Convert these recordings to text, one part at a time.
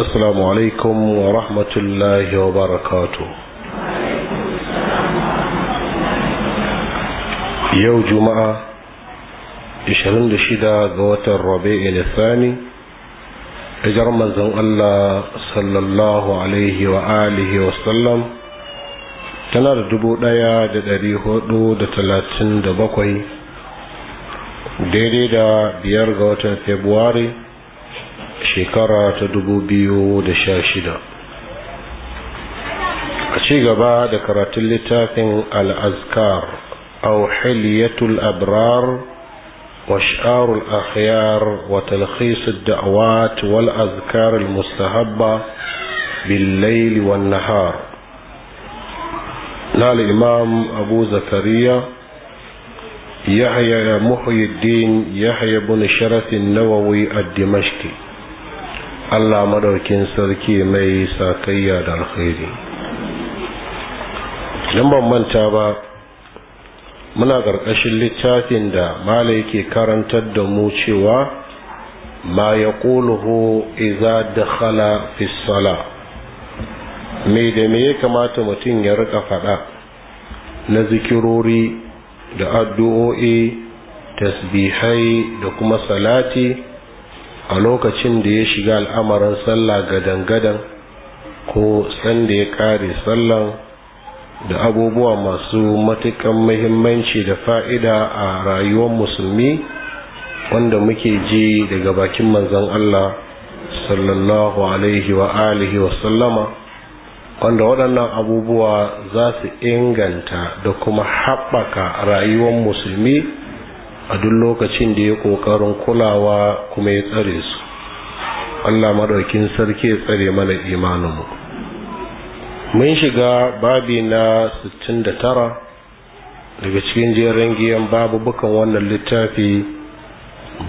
السلام عليكم ورحمة الله وبركاته يو جمعة 26 قوة الربيع الثاني اجر من الله صلى الله عليه وآله وسلم tana دبو دايا ɗaya da ɗari hudu da talatin da bakwai daidai da biyar shekara ta dubu biyu da sha shida a ci gaba da karatun littafin al'azkar auhiliyatul abrar واشعار الاخيار وتلخيص الدعوات والاذكار المستحبه بالليل والنهار قال الامام ابو زكريا يحيى محي الدين يحيى بن شرف النووي الدمشقي Allah madaukin sarki mai sakayya da alkhairi idan ban manta ba muna ƙarƙashin littafin da mala yake karantar da mu cewa ma ya ƙuluhu iza dakhala fi me da me ya kamata mutum ya rika faɗa na zikirori da addu'o'i tasbihai da kuma salati a lokacin da ya shiga al'amarin sallah gadan-gadan ko sanda ya kare sallan da abubuwa masu matukan mahimmanci da fa'ida a rayuwar musulmi wanda muke ji daga bakin manzon Allah sallallahu alaihi wa alihi wa sallama wanda waɗannan abubuwa za su inganta da kuma haɓaka rayuwar musulmi a duk lokacin da ya ƙoƙarin kulawa kuma ya tsare su allah maɗaukin sarki ya tsare mana imaninmu mun shiga babi na 69 daga cikin jerin giyan babu bukan wannan littafi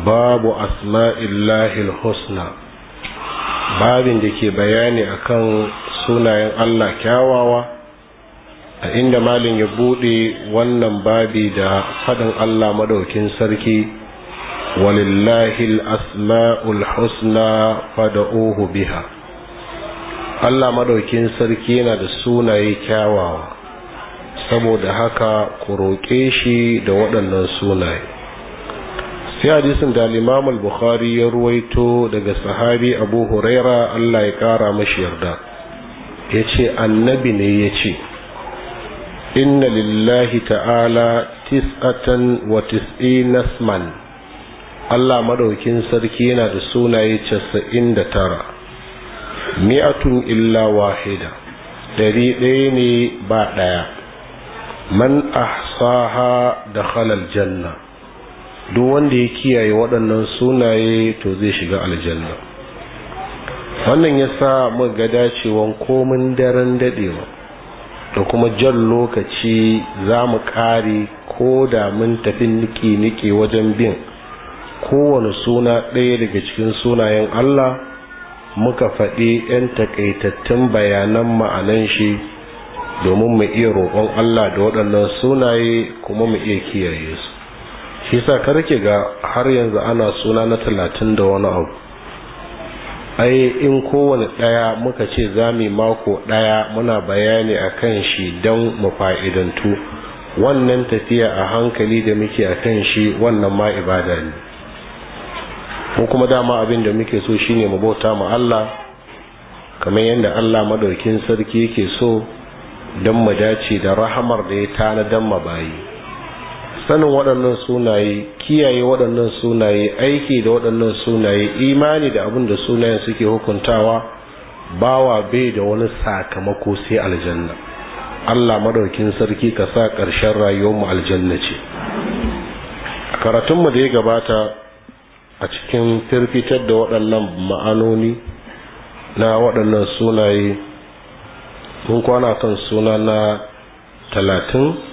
babu asma'illahil husna babin da ke bayani akan sunayen allah kyawawa a inda malin ya buɗe wannan babi da faɗin Allah madaukin sarki walillahi asma'ul husna fada'uhu biha Allah madaukin sarki yana da sunaye kyawawa saboda haka ku roƙe shi da waɗannan sunaye sai hadisin da al bukhari ya ruwaito daga sahabi Abu Huraira Allah ya ƙara mashi yarda yace annabi ne yace Inna lillahi ta'ala إن لله تعالى تسعة وتسعين اسما الله مدوكين سركينا رسونا يتسعين ترى مئة إلا واحدة دليلين بعد man ahsaha da halal janna duk wanda ya kiyaye waɗannan sunaye to zai shiga aljanna wannan ya sa ga dacewan komin daren daɗewa da kuma jan lokaci za mu kare ko da mun tafi niki-niki wajen bin kowane suna ɗaya daga cikin sunayen Allah muka faɗi 'yan takaitattun bayanan ma'anan shi domin mu iya roƙon Allah da waɗannan sunaye kuma mu iya kiyaye su shi sa karke ga har yanzu ana suna na talatin da wani abu ai in kowane ɗaya muka ce za mu mako ɗaya muna bayani a kan shi don mu fa'idantu wannan tafiya a hankali da muke a kan shi wannan ma ibada ne mu kuma dama abin da muke so shine mu bauta ma Allah kamar yadda Allah madaukin sarki yake so don mu dace da rahamar da ya tana don mabayi sanin waɗannan sunaye kiyaye waɗannan sunaye aiki da waɗannan sunaye imani da abin da sunayen suke hukuntawa bawa bai da wani sakamako sai aljanna allah maɗaukin sarki ka sa ƙarshen rayuwarmu aljanna ce a karatunmu da ya gabata a cikin firfitar da waɗannan ma'anoni na waɗannan sunaye mun kwana kan suna na talatin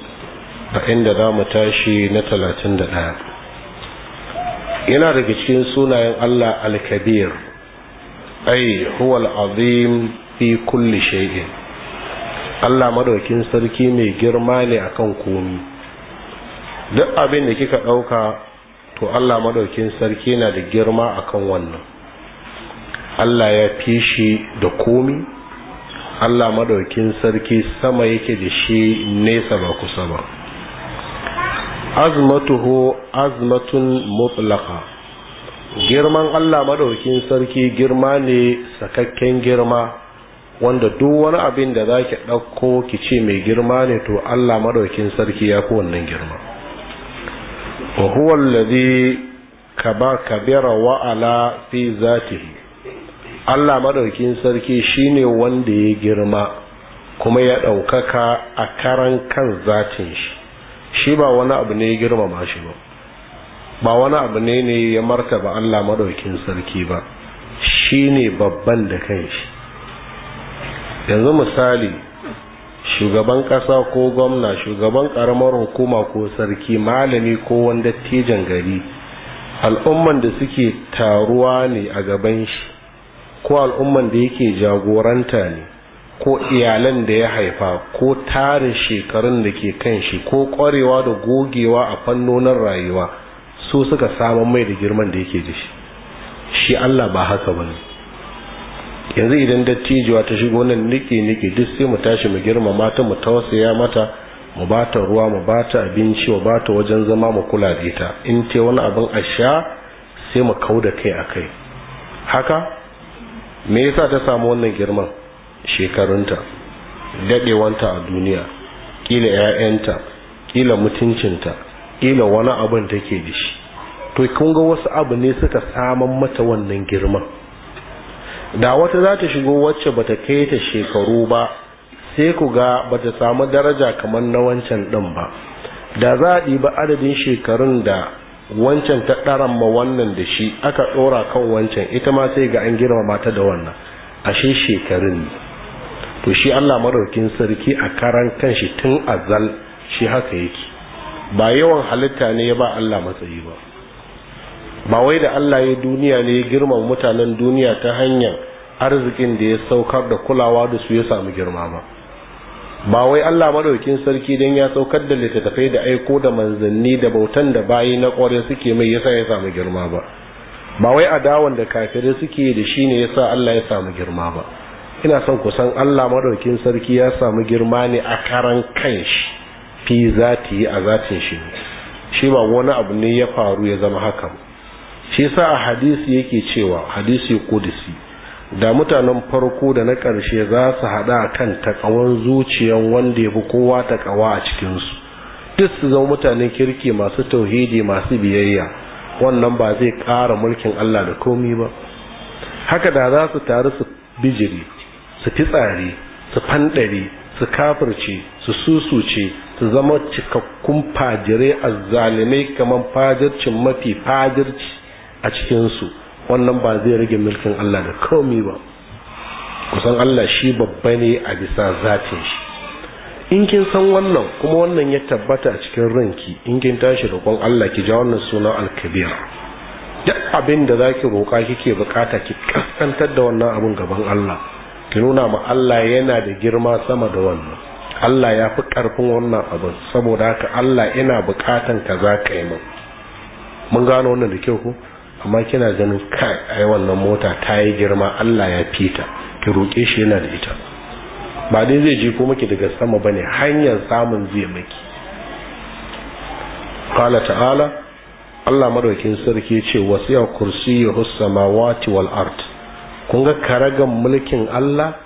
a inda za mu tashi na talatin da ɗaya yana daga cikin sunayen allah alkabir ai huwal azim fi kulli shay'in allah madaukin sarki mai girma ne akan komi duk abin da kika ɗauka to allah madaukin sarki na da girma akan wannan allah ya fi shi da komi allah madaukin sarki sama yake da shi nesa ba kusa ba azmatuhu azmatun mutlaka girman Allah madaukin sarki girma ne sakakken girma wanda duk wani abin da zaki ɗauko kici mai girma ne to Allah madaukin sarki ya fi wannan girma wa huwa alladhi kaba kabira wa ala fi zatihi Allah madaukin sarki shine wanda ya girma kuma ya ɗaukaka a karan kan zatin shi shi ba wani abu ne ya girmama shi ba ba wani abu ne ne ya martaba Allah maɗaukin sarki ba shi ne babban da kan shi yanzu misali shugaban ƙasa ko gwamna shugaban ƙaramar hukuma ko sarki malami ko wanda tejan gari al'umman da suke taruwa ne a gaban shi ko al'umman da yake jagoranta ne ko iyalan da ya haifa ko tarin shekarun da ke kan shi ko kwarewa da gogewa a fannonin rayuwa su suka samun mai da girman da yake da shi shi Allah ba haka bane yanzu idan dattijuwa ta shigo nan niƙe nike duk sai mu tashi mu girma mata mu tausaya mata mu bata ruwa mu bata abinci mu bata wajen zama mu kula da ita in te wani abin a sha sai mu kauda kai akai haka me yasa ta samu wannan girman shekarunta dadewanta a duniya ƙila 'ya'yanta kila mutuncinta ƙila wani abin take da shi to kun ga wasu abu ne suka saman mata wannan girma? da wata za ta shigo wacce bata kai ta shekaru ba sai ku ga bata samu daraja kamar na wancan ɗin ba da za a ba adadin shekarun da wancan ta ɗaran ma wannan da shi aka ɗora kan wancan ita ma sai ga an girmama ta da wannan ashe shekarun ne to shi Allah maraukin sarki a karan kanshi tun azal shi haka yake ba yawan halitta ne ya ba Allah matsayi ba ba wai da Allah ya duniya ne ya girmama mutanen duniya ta hanyar arzikin da ya saukar da kulawa da su ya samu girma ba ba wai Allah maraukin sarki don ya saukar da littattafai da aiko da manzanni da bautan da bayi na ƙware suke mai yasa ya samu girma ba ba wai adawan da kafirai suke da shi ne yasa Allah ya samu girma ba ina son ku san Allah madaukin sarki ya samu girma ne a karan kanshi fi zati a zatin shi shi ba wani abu ne ya faru ya zama haka shi sa a hadisi yake cewa hadisi ƙudisi. da mutanen farko da na ƙarshe za su haɗa a kan takawan zuciyan wanda ya fi kowa takawa a cikinsu duk su zama mutanen kirki masu tauhidi masu biyayya wannan ba zai ƙara mulkin Allah da komi ba haka da za su taru su bijiri su fitsari su fandare su kafirce su susuce su zama cikakkun fajirai zalimai kamar fajircin mafi fajirci a cikinsu wannan ba zai rage mulkin Allah da komi ba kusan Allah shi babba ne a bisa zatin shi in kin san wannan kuma wannan ya tabbata a cikin ranki in kin tashi roƙon Allah ki ja wannan sunan alkabir duk abin da zaki roƙa kike bukata ki kaskantar da wannan abin gaban Allah ki nuna ma Allah yana da girma sama da wannan Allah ya fi ƙarfin wannan abin saboda haka Allah ina buƙatan ka za ka yi min mun gano wannan da kyau ko amma kina ganin kai ai wannan mota ta yi girma Allah ya fita ki roƙe shi yana da ita ba dai zai je ko miki daga sama bane hanyar samun zai miki qala ta'ala Allah madaukin sarki ce wasiya ya samawati wal ard kun ga karagan mulkin Allah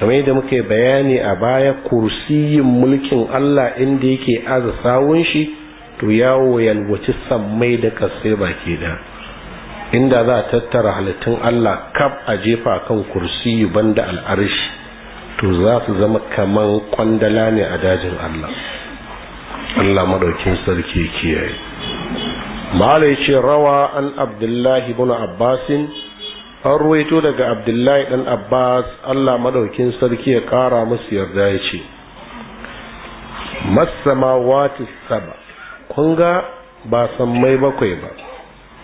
kamar yadda muke bayani a baya kursiyin mulkin Allah inda yake aza sawun shi to yawo yalwaci sammai da kasai baki da inda za a tattara halittun Allah kaf a jefa kan kursiyi banda al'arshi to za su zama kaman kwandala ne a dajin Allah Allah madaukin sarki kiyaye malai ce rawa an abdullahi ibn abbasin an ruwaito daga abdullahi dan abbas allah maɗaukin sarki ya kara musu yarda ya ce masamawati saba kun ga ba mai bakwai ba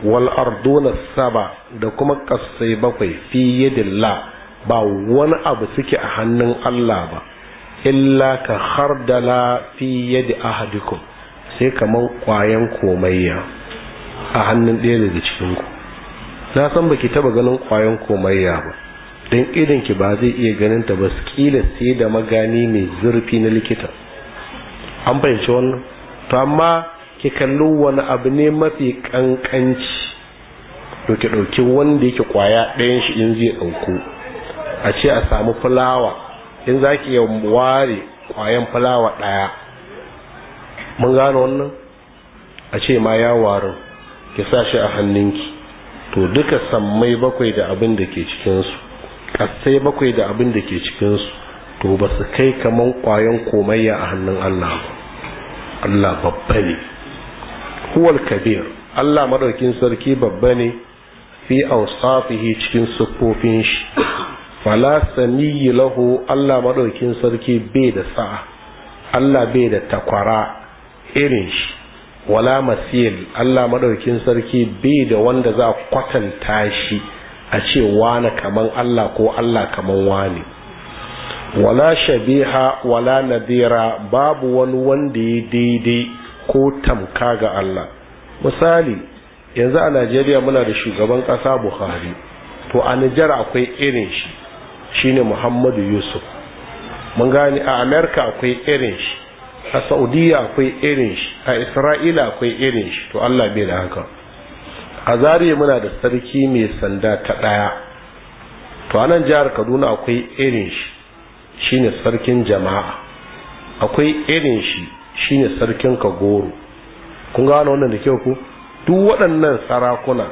wal arduna saba da kuma kasai bakwai fi la ba wani abu suke a hannun allah ba illa ka hardala fi yadi ahadikum sai kamar kwayan komayya a hannun ɗaya daga cikinku na san baki taba ganin kwayan komayya ba don idan ki ba zai iya ganin ta ba su kila sai da magani mai zurfi na likita an fahimci wannan to amma ki kalli wani abu ne mafi kankanci doke dauki wanda yake kwaya ɗayan shi in zai dauko a ce a samu fulawa in za ki ware kwayan fulawa ɗaya mun gano wannan a ce ma ya warin ki sa shi a hannunki to duka sammai bakwai da abin da ke cikinsu ƙasai bakwai da abin da ke cikinsu to ba su kai kaman kwayon komayya a hannun Allah ba Allah babba ne huwal kabir Allah maɗaukin sarki babba ne fi awsafihi cikin siffofin shi fala yi lahu Allah madaukin sarki bai da sa'a Allah bai da takwara irin shi wala masil Allah madaukin sarki bai da wanda za kwatanta shi a ce wani kaman Allah ko Allah kaman wani wala shabiha wala nadira babu wani wanda ya daidai ko tamka ga Allah misali yanzu a Najeriya muna da shugaban ƙasa Buhari to a Nijar akwai irin shi shine Muhammadu Yusuf mun gane a Amerika akwai irin shi a saudiya akwai irin shi a isra'ila akwai irin shi to allah bai da haka a zariya muna da sarki mai sanda ta ɗaya to a nan jihar kaduna akwai irin shi shine sarkin jama'a akwai irin shi shine sarkin kagoro kun gano wannan da kyau ku duk waɗannan sarakuna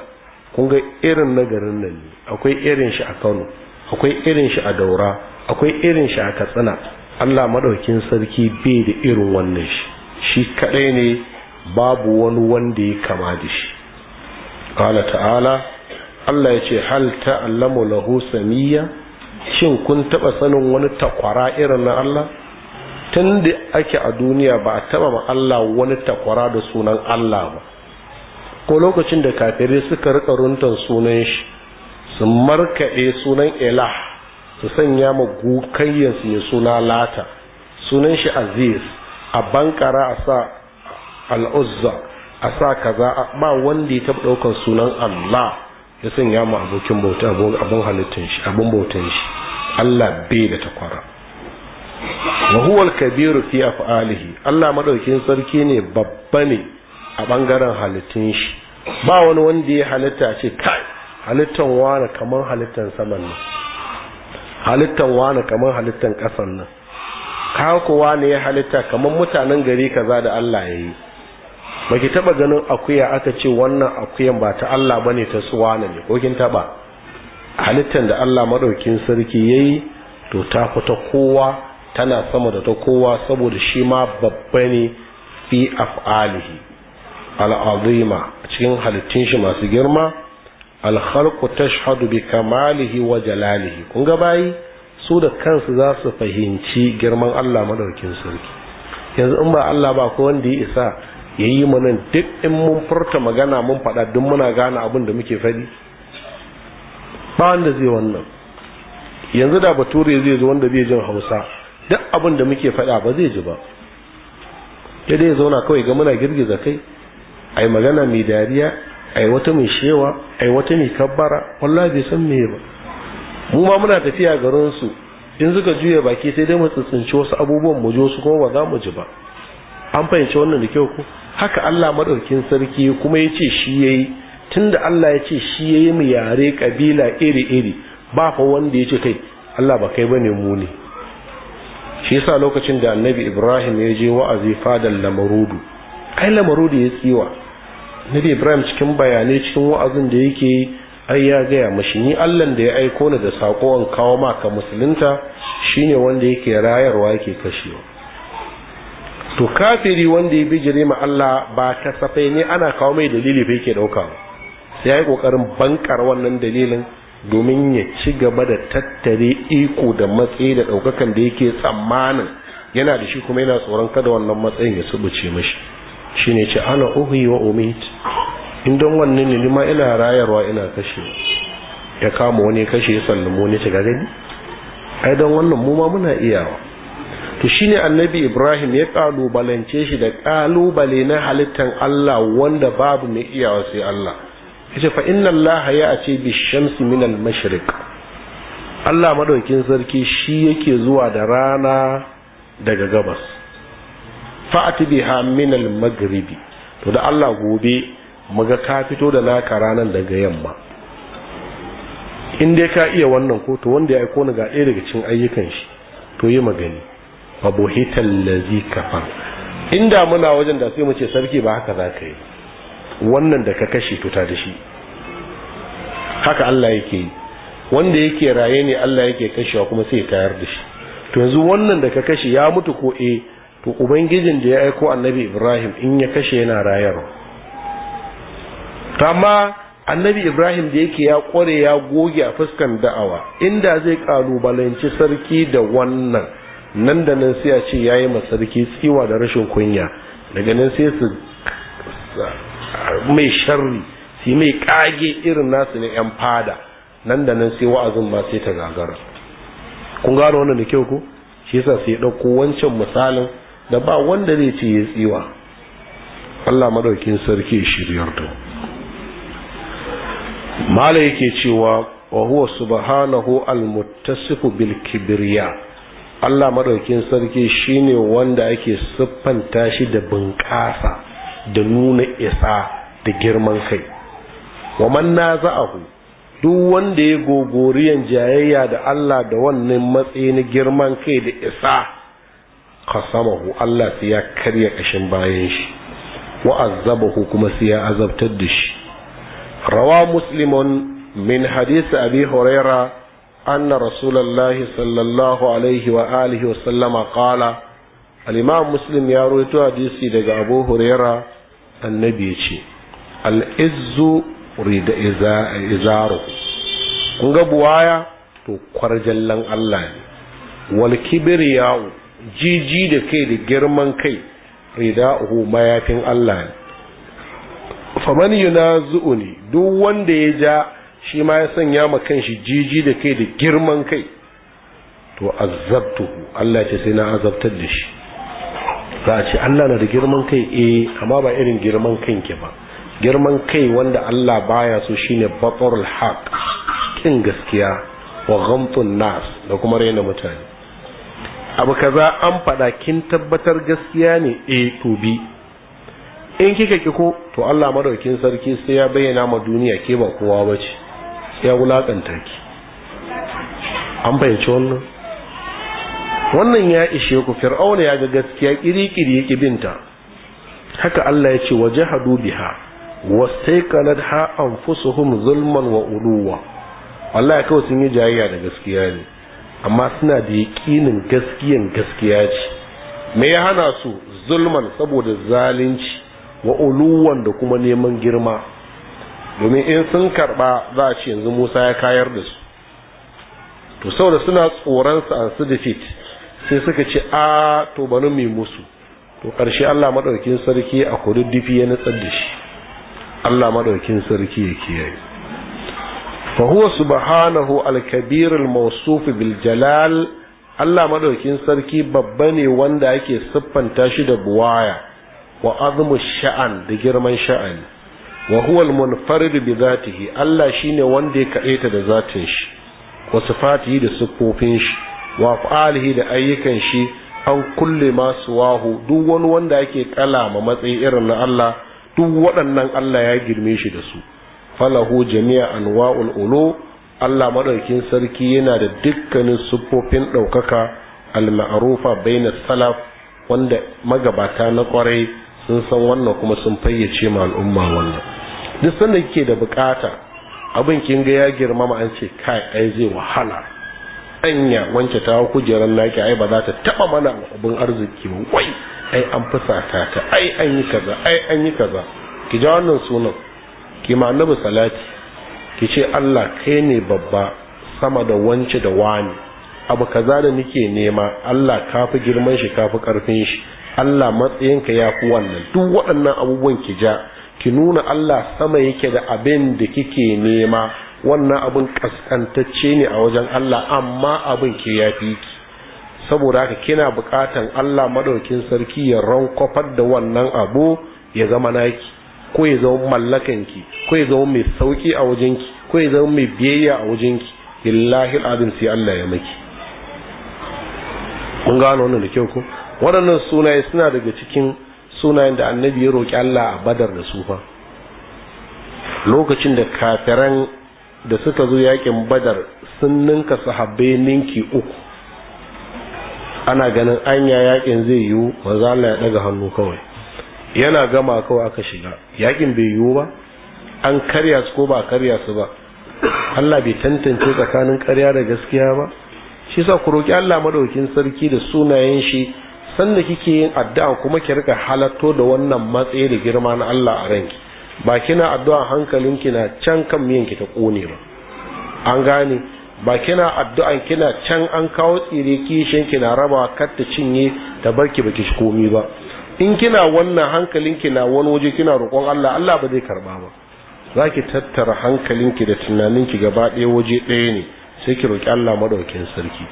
kun ga irin na garin nan ne akwai irin shi a kano akwai irin shi a daura akwai irin shi a katsina Allah madaukin sarki bai da irin wannan shi shi kaɗai ne babu wani wanda ya kama da shi qala ta'ala Allah ya ce hal ta'allamu lahu samiyya shin kun taɓa sanin wani takwara irin na Allah tun da ake a duniya ba a taɓa ma Allah wani takwara da sunan Allah ba ko lokacin da kafirai suka rika runtan sunan shi su markaɗe sunan ilah su sanya ma gukayyansu ya suna lata sunan shi aziz a bankara a sa al'uzza a sa kaza ba wanda ya taɓa ɗaukar sunan allah ya sanya ma abokin bauta abin halittin shi abin bautan shi allah bai da takwara wa huwa al-kabiru fi af'alihi allah madaukin sarki ne babba ne a bangaren halittun shi ba wani wanda ya halitta ce kai halittan wani kamar halittan saman nan halittan wane kamar halittan ƙasan nan ka wane ya halitta kamar mutanen gari kaza da Allah ya yi ba ki taɓa ganin akuya aka ce wannan akuyan ba ta Allah ba ne ta wane ne ko kin taɓa halittan da Allah maɗaukin sarki ya yi to ta fita kowa tana sama da ta kowa saboda shi ma babba ne fi af'alihi al'azima cikin halittun shi masu girma alkhalqu tashhadu bi kamalihi wa jalalihi kun ga bayi su da kansu za su fahimci girman Allah madaukin sarki yanzu in ba Allah ba ko wanda ya isa yayi mana duk in mun furta magana mun faɗa duk muna gane abin da muke faɗi ba wanda zai wannan yanzu da bature zai zo wanda zai jin Hausa duk abin da muke faɗa ba zai ji ba sai dai ya zauna kawai ga muna girgiza kai ai magana mai dariya ai wata mai shewa ai wata mai kabbara wallahi bai san meye ba mu ma muna tafiya garin su in suka juya baki sai dai mu tsitsinci wasu abubuwan mu su kuma ba za mu ji ba an fahimci wannan da kyau ko haka Allah madaukin sarki kuma yace shi yayi tunda Allah yace shi yayi mu yare kabila iri iri ba fa wanda yace kai Allah ba kai bane mu ne shi yasa lokacin da Annabi Ibrahim ya je wa'azi fadan lamarudu ai lamarudu ya tsiwa nabi ibrahim cikin bayanai cikin wa'azin da yake ai ya gaya mashi ni allan da ya aiko ni da sakon kawo maka musulunta shine wanda yake rayarwa yake kashewa to kafiri wanda ya bijire ma Allah ba ta safai ne ana kawo mai dalili fa yake dauka sai yayi kokarin bankar wannan dalilin domin ya ci gaba da tattare iko da matsayi da daukakan da yake tsammanin yana da shi kuma yana tsoron kada wannan matsayin ya subuce mashi shine ce ana uhi wa umit in don wannan ne ma ina rayarwa ina kashe ya kama wani kashe ya sallamu wani ta gani ai don wannan mu ma muna iyawa to shine annabi ibrahim ya kalubalance shi da kalubale na halittan allah wanda babu mai iyawa sai allah yace fa inna allah ya ace bi shamsi min al mashriq allah madaukin sarki shi yake zuwa da rana daga gabas fa'ati biha min al-maghribi to da Allah gobe muga ka fito da naka ranan daga yamma in dai ka iya wannan ko to wanda ya aika ni ga ɗaya daga cikin ayyukan shi to yi magani buhital ladhi kafar inda muna wajen da sai mu ce sarki ba haka zaka yi wannan da ka kashe to ta da shi haka Allah yake yi wanda yake raye ne Allah yake kashewa kuma sai ya tayar da shi to yanzu wannan da ka kashe ya mutu ko eh to ubangijin da ya aiko annabi ibrahim in ya kashe yana rayarwa amma annabi ibrahim da yake ya kware ya goge a fuskan da'awa inda zai kalubalanci sarki da wannan nan da nan sai a ce ya yi sarki tsiwa da rashin kunya daga nan sai su mai sharri su mai kage irin nasu na 'yan fada nan da nan sai wa'azin ma sai ta gagara kun gano wannan da kyau ko shi yasa sai ya ɗauko wancan misalin da ba wanda zai ce ya tsiwa Allah madaukin sarki shiryar da mala yake cewa wa huwa subhanahu almuttasifu bil kibriya Allah madaukin sarki shine wanda ake siffanta shi da bunƙasa da nuna isa da girman kai wa man naza'ahu duk wanda ya gogoriyan jayayya da Allah da wannan matsayin girman kai da isa khasamahu Allah sai ya karya kashin bayan shi wa azabahu kuma sai ya azabtar da shi rawa muslimun min hadisi abi huraira anna rasulullahi sallallahu alaihi wa alihi wa sallama qala al-imam muslim ya rawaito hadisi daga abu huraira annabi ya ce al-izzu rida izaru kun ga buwaya to kwarjallan Allah ne wal kibriyahu jiji da kai da girman kai rida'uhu mayafin Allah ne faman yunazu'uni duk wanda ya ja shi ma ya sanya ma kanshi jiji da kai da girman kai to azabtuhu Allah ce sai na azabtar da shi za a ce Allah na da girman kai eh amma ba irin girman kanki ba girman kai wanda Allah baya so shine batarul haq kin gaskiya wa ghamtun nas da kuma raina mutane abu kaza an faɗa kin tabbatar gaskiya ne a eh, to b in kika ki ko to Allah madaukin sarki sai ya bayyana ma duniya ke ba kowa bace sai ya wulakanta ki an bayyace wannan wannan ya ishe ku fir'auna ya ga gaskiya kiri-kiri yake binta haka Allah ya ce wajahadu biha ha anfusuhum zulman wa uluwa Allah ya kawo sun yi jayayya da gaskiya ne amma suna da yaƙinin gaskiyan gaskiya ce me ya hana su zulman saboda zalunci wa uluwan da kuma neman girma domin in sun karɓa za a ce yanzu musa ya kayar da su to saboda suna tsoron su an su defeat sai suka ce a to bari mu musu to ƙarshe Allah madaukin sarki a kududdufi ya nutsar da shi Allah madaukin sarki ya kiyaye fa huwa subhanahu al-kabir al-mawsuf bil jalal Allah madaukin sarki babba ne wanda ake siffanta shi da buwaya wa sha'an da girman sha'ani wa huwa al-munfarid bi zatihi Allah shine wanda ya kaɗaita da zatin shi wa da siffofin shi wa da ayyukan shi an kulle masu wahu duk wani wanda yake ma matsayin irin na Allah duk waɗannan Allah ya girme shi da su falahu jami'a anwa'ul ulu Allah madaukin sarki yana da dukkanin siffofin ɗaukaka al-ma'rufa bainas salaf wanda magabata na kwarai sun san wannan kuma sun fayyace ma al'umma wannan duk sanda kike da bukata abin kin ga ya girmama an ce kai ai zai wahala anya wanke ta kujerar naki ai ba za ta taba mana abin arziki ba wai ai an fusata ta ai an yi kaza ai an yi kaza ki ja wannan sunan ki ma annabi salati ki ce Allah kai ne babba sama da wance da wani abu kaza da nike nema Allah kafi girman shi kafi karfin shi Allah matsayinka ya fi wannan duk waɗannan abubuwan ki ja ki nuna Allah sama yake da abin da kike nema wannan abin kaskantacce ne a wajen Allah amma abin ke fi ki saboda haka kina buƙatan Allah madaukin sarki ya rankofar da wannan abu ya zama naki ko ya zama mallakanki ko ya zama mai sauki a wajenki ko ya zama mai biyayya a wajenki billahi alazim sai Allah ya maki kun gano wannan da kyau ko waɗannan sunaye suna daga cikin sunayen da annabi ya roki Allah a badar da su fa lokacin da kafiran da suka zo yakin badar sun ninka sahabbai ninki uku ana ganin anya yakin zai yiwu maza Allah ya daga hannu kawai yana gama kawai aka shiga yakin bai yiwu ba an karya su ko ba karya su ba Allah bai tantance tsakanin karya da gaskiya ba shi sa ku roki Allah madaukin sarki da sunayen shi sanda kike yin addu'a kuma ki rika halatto da wannan matsayi da girma na Allah a ranki ba kina addu'a hankalinki na can kan miyanki ta kone ba an gane ba kina addu'a kina can an kawo tsire kishin na raba kar ta cinye ta barki baki shi komi ba in kina wannan hankalinki na wani waje kina roƙon Allah Allah ba zai karba ba za ki tattara hankalinki da tunaninki gaba ɗaya waje ɗaya ne sai ki roƙi Allah maɗaukin sarki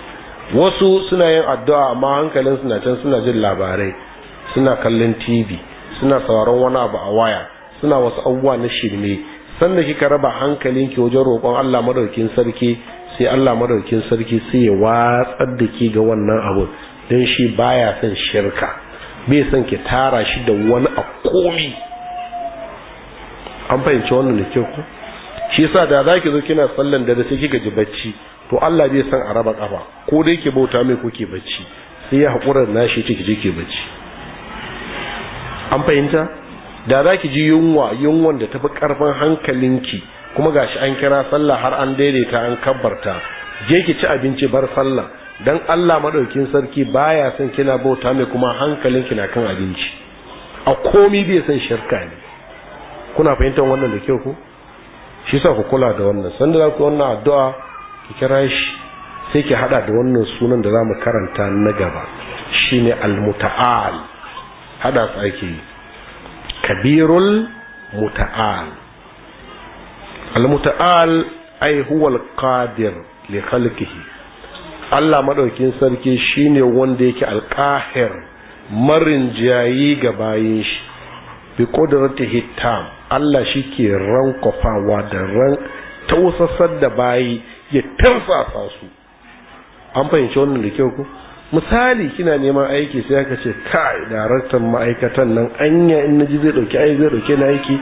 wasu suna yin addu'a amma hankalin suna can suna jin labarai suna kallon tv suna sauraron wani abu a waya suna wasu abubuwa na shirme sanda kika raba hankalinki wajen roƙon Allah maɗaukin sarki sai Allah maɗaukin sarki sai ya watsar da ki ga wannan abu don shi baya son shirka bai son ki tara shi da wani a komi an fahimci wannan da kyau ku shi yasa da za ki zo kina sallan dare sai kika ji bacci to Allah bai san a raba kafa ko dai ke bauta mai ko ke bacci sai ya haƙura na shi ki je ke bacci an fahimta da za ki ji yunwa yunwan da tafi karfin hankalinki kuma gashi an kira sallah har an daidaita an kabbarta je ki ci abinci bar sallah dan Allah madaukin sarki baya son kina bauta mai kuma hankalin kina kan abinci a komi bai san shirka ne kuna fahimtar wannan da kyau ko shi sa ku kula da wannan sanda za ku wannan addu'a ki kira shi sai ki hada da wannan sunan da zamu karanta na gaba shine al-muta'al hada kabirul muta'al al-muta'al ay huwa al-qadir li khalqihi Allah maɗaukin sarki shine wanda yake alƙahir marin jayi ga bayin shi bi qudratihi tam Allah shi shike rankofawa da ran tausasar da bayi ya tarsasa su an fahimci wannan da kyau ko misali kina neman aiki sai aka ce kai daraktan ma'aikatan nan anya in naji zai dauki aiki zai dauke na aiki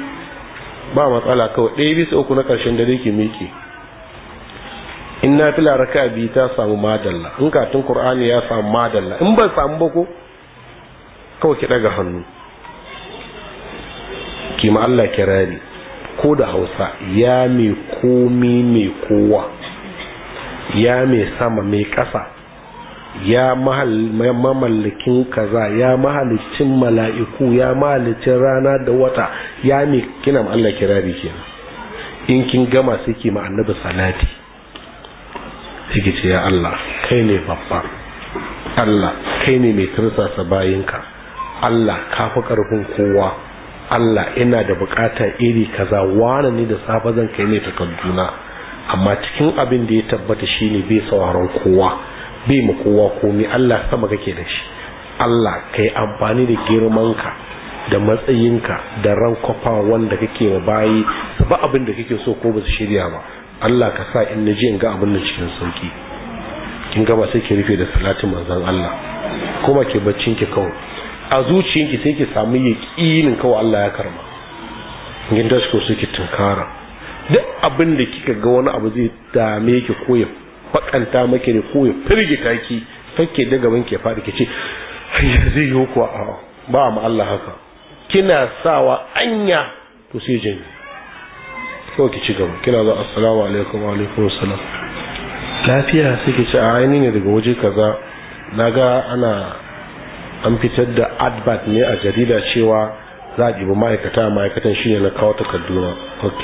ba matsala kawai ɗaya bisa uku na ƙarshen dare ki miƙe in na fila raka biyu ta samu madalla in katin qur'ani ya samu madalla in ban samu ba ko kawai ki daga hannu ki ma Allah kirari ko da Hausa ya mai komi mai kowa ya mai sama mai kasa ya mamallakin kaza ya mahalicin mala'iku ya mahalicin rana da wata ya mai kina Allah kirari kenan in kin gama sai ki ma annabi salati suke ce ya Allah kai ne babba Allah kai ne mai tursasa bayinka Allah ka karfin kowa Allah ina da bukatar iri kaza wani ne da safe zan kai ne takarduna amma cikin abin da ya tabbata shine bai sauraron kowa bai ma kowa komai Allah sama kake da shi Allah kai amfani da girmanka da matsayinka da ran wanda kake wa bayi ba abin da kake so ko ba su shirya ba Allah ka sa in naji in ga abin da cikin sauki kin ga ba sai ki rufe da salatin manzon Allah kuma ke baccin ki kawai a ki sai ki samu yaqinin kawai Allah ya karba kin da ko tunkara duk abin da kika ga wani abu zai dame ki ko ya fakanta maki ne ko ya firgita ki fakke da gaban ki faɗi ki ce hayya zai yi kuwa ba mu Allah haka kina sawa anya to sai janye ko ki ci gaba kina za assalamu alaikum wa alaikum salam lafiya sai ki ci a aini ne daga waje kaza naga ana an fitar da advert ne a jarida cewa za a ɗiba ma'aikata ma'aikatan shine na kawo takarduna ok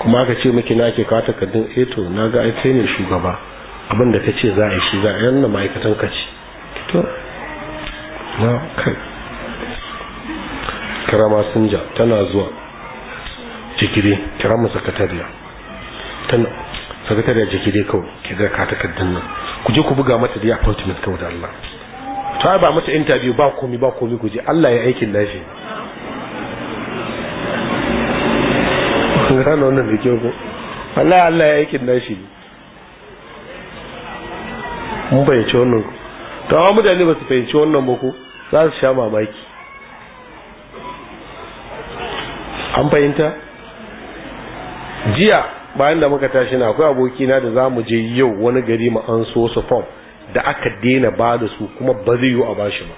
kuma aka ce miki na ke kawo takardun eto eh na ga ai kai ne shugaba abin da ka ce za a yi shi za a yanna ma'aikatan ka ce to na kai karama sunja tana zuwa Jikiri kira mu sakatariya tana sakatariya jikiri kawai ki ga ka takardun nan ku je ku buga mata da appointment kawai da Allah ta ba mata interview ba komi ba komi ku je Allah ya aikin nashi gano wannan da ke ko Allah Allah ya aikin nashi mun bayyace wannan ku to amma mutane ba su fahimci wannan ba ko za su sha mamaki an fahimta jiya bayan da muka tashi na akwai abokina da za mu je yau wani gari mu an so su fom da aka daina ba da su kuma ba zai yiwu a ba shi ba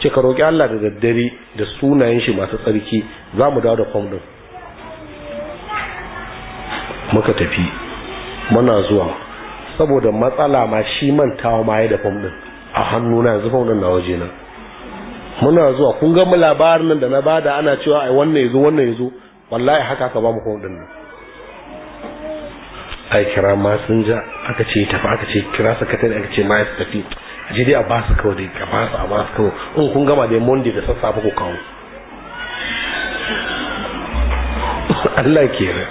ce ka roƙi Allah da daddare da sunayen shi masu tsarki za mu dawo da fom din muka tafi muna zuwa saboda matsala ma shi mantawa ma ya da fom din a na yanzu fom din na waje na muna zuwa kun ga mu labarin nan da na bada ana cewa ai wannan yazo wannan yazo wallahi haka ka ba mu fom din nan Ai kira masinja aka ce tafi aka ce kira sakatare aka ce ma ya tafi je dai a ba su kawai dai a ba su a ba su kawai in kun gama dai monday da sassafe ku kawo Allah ra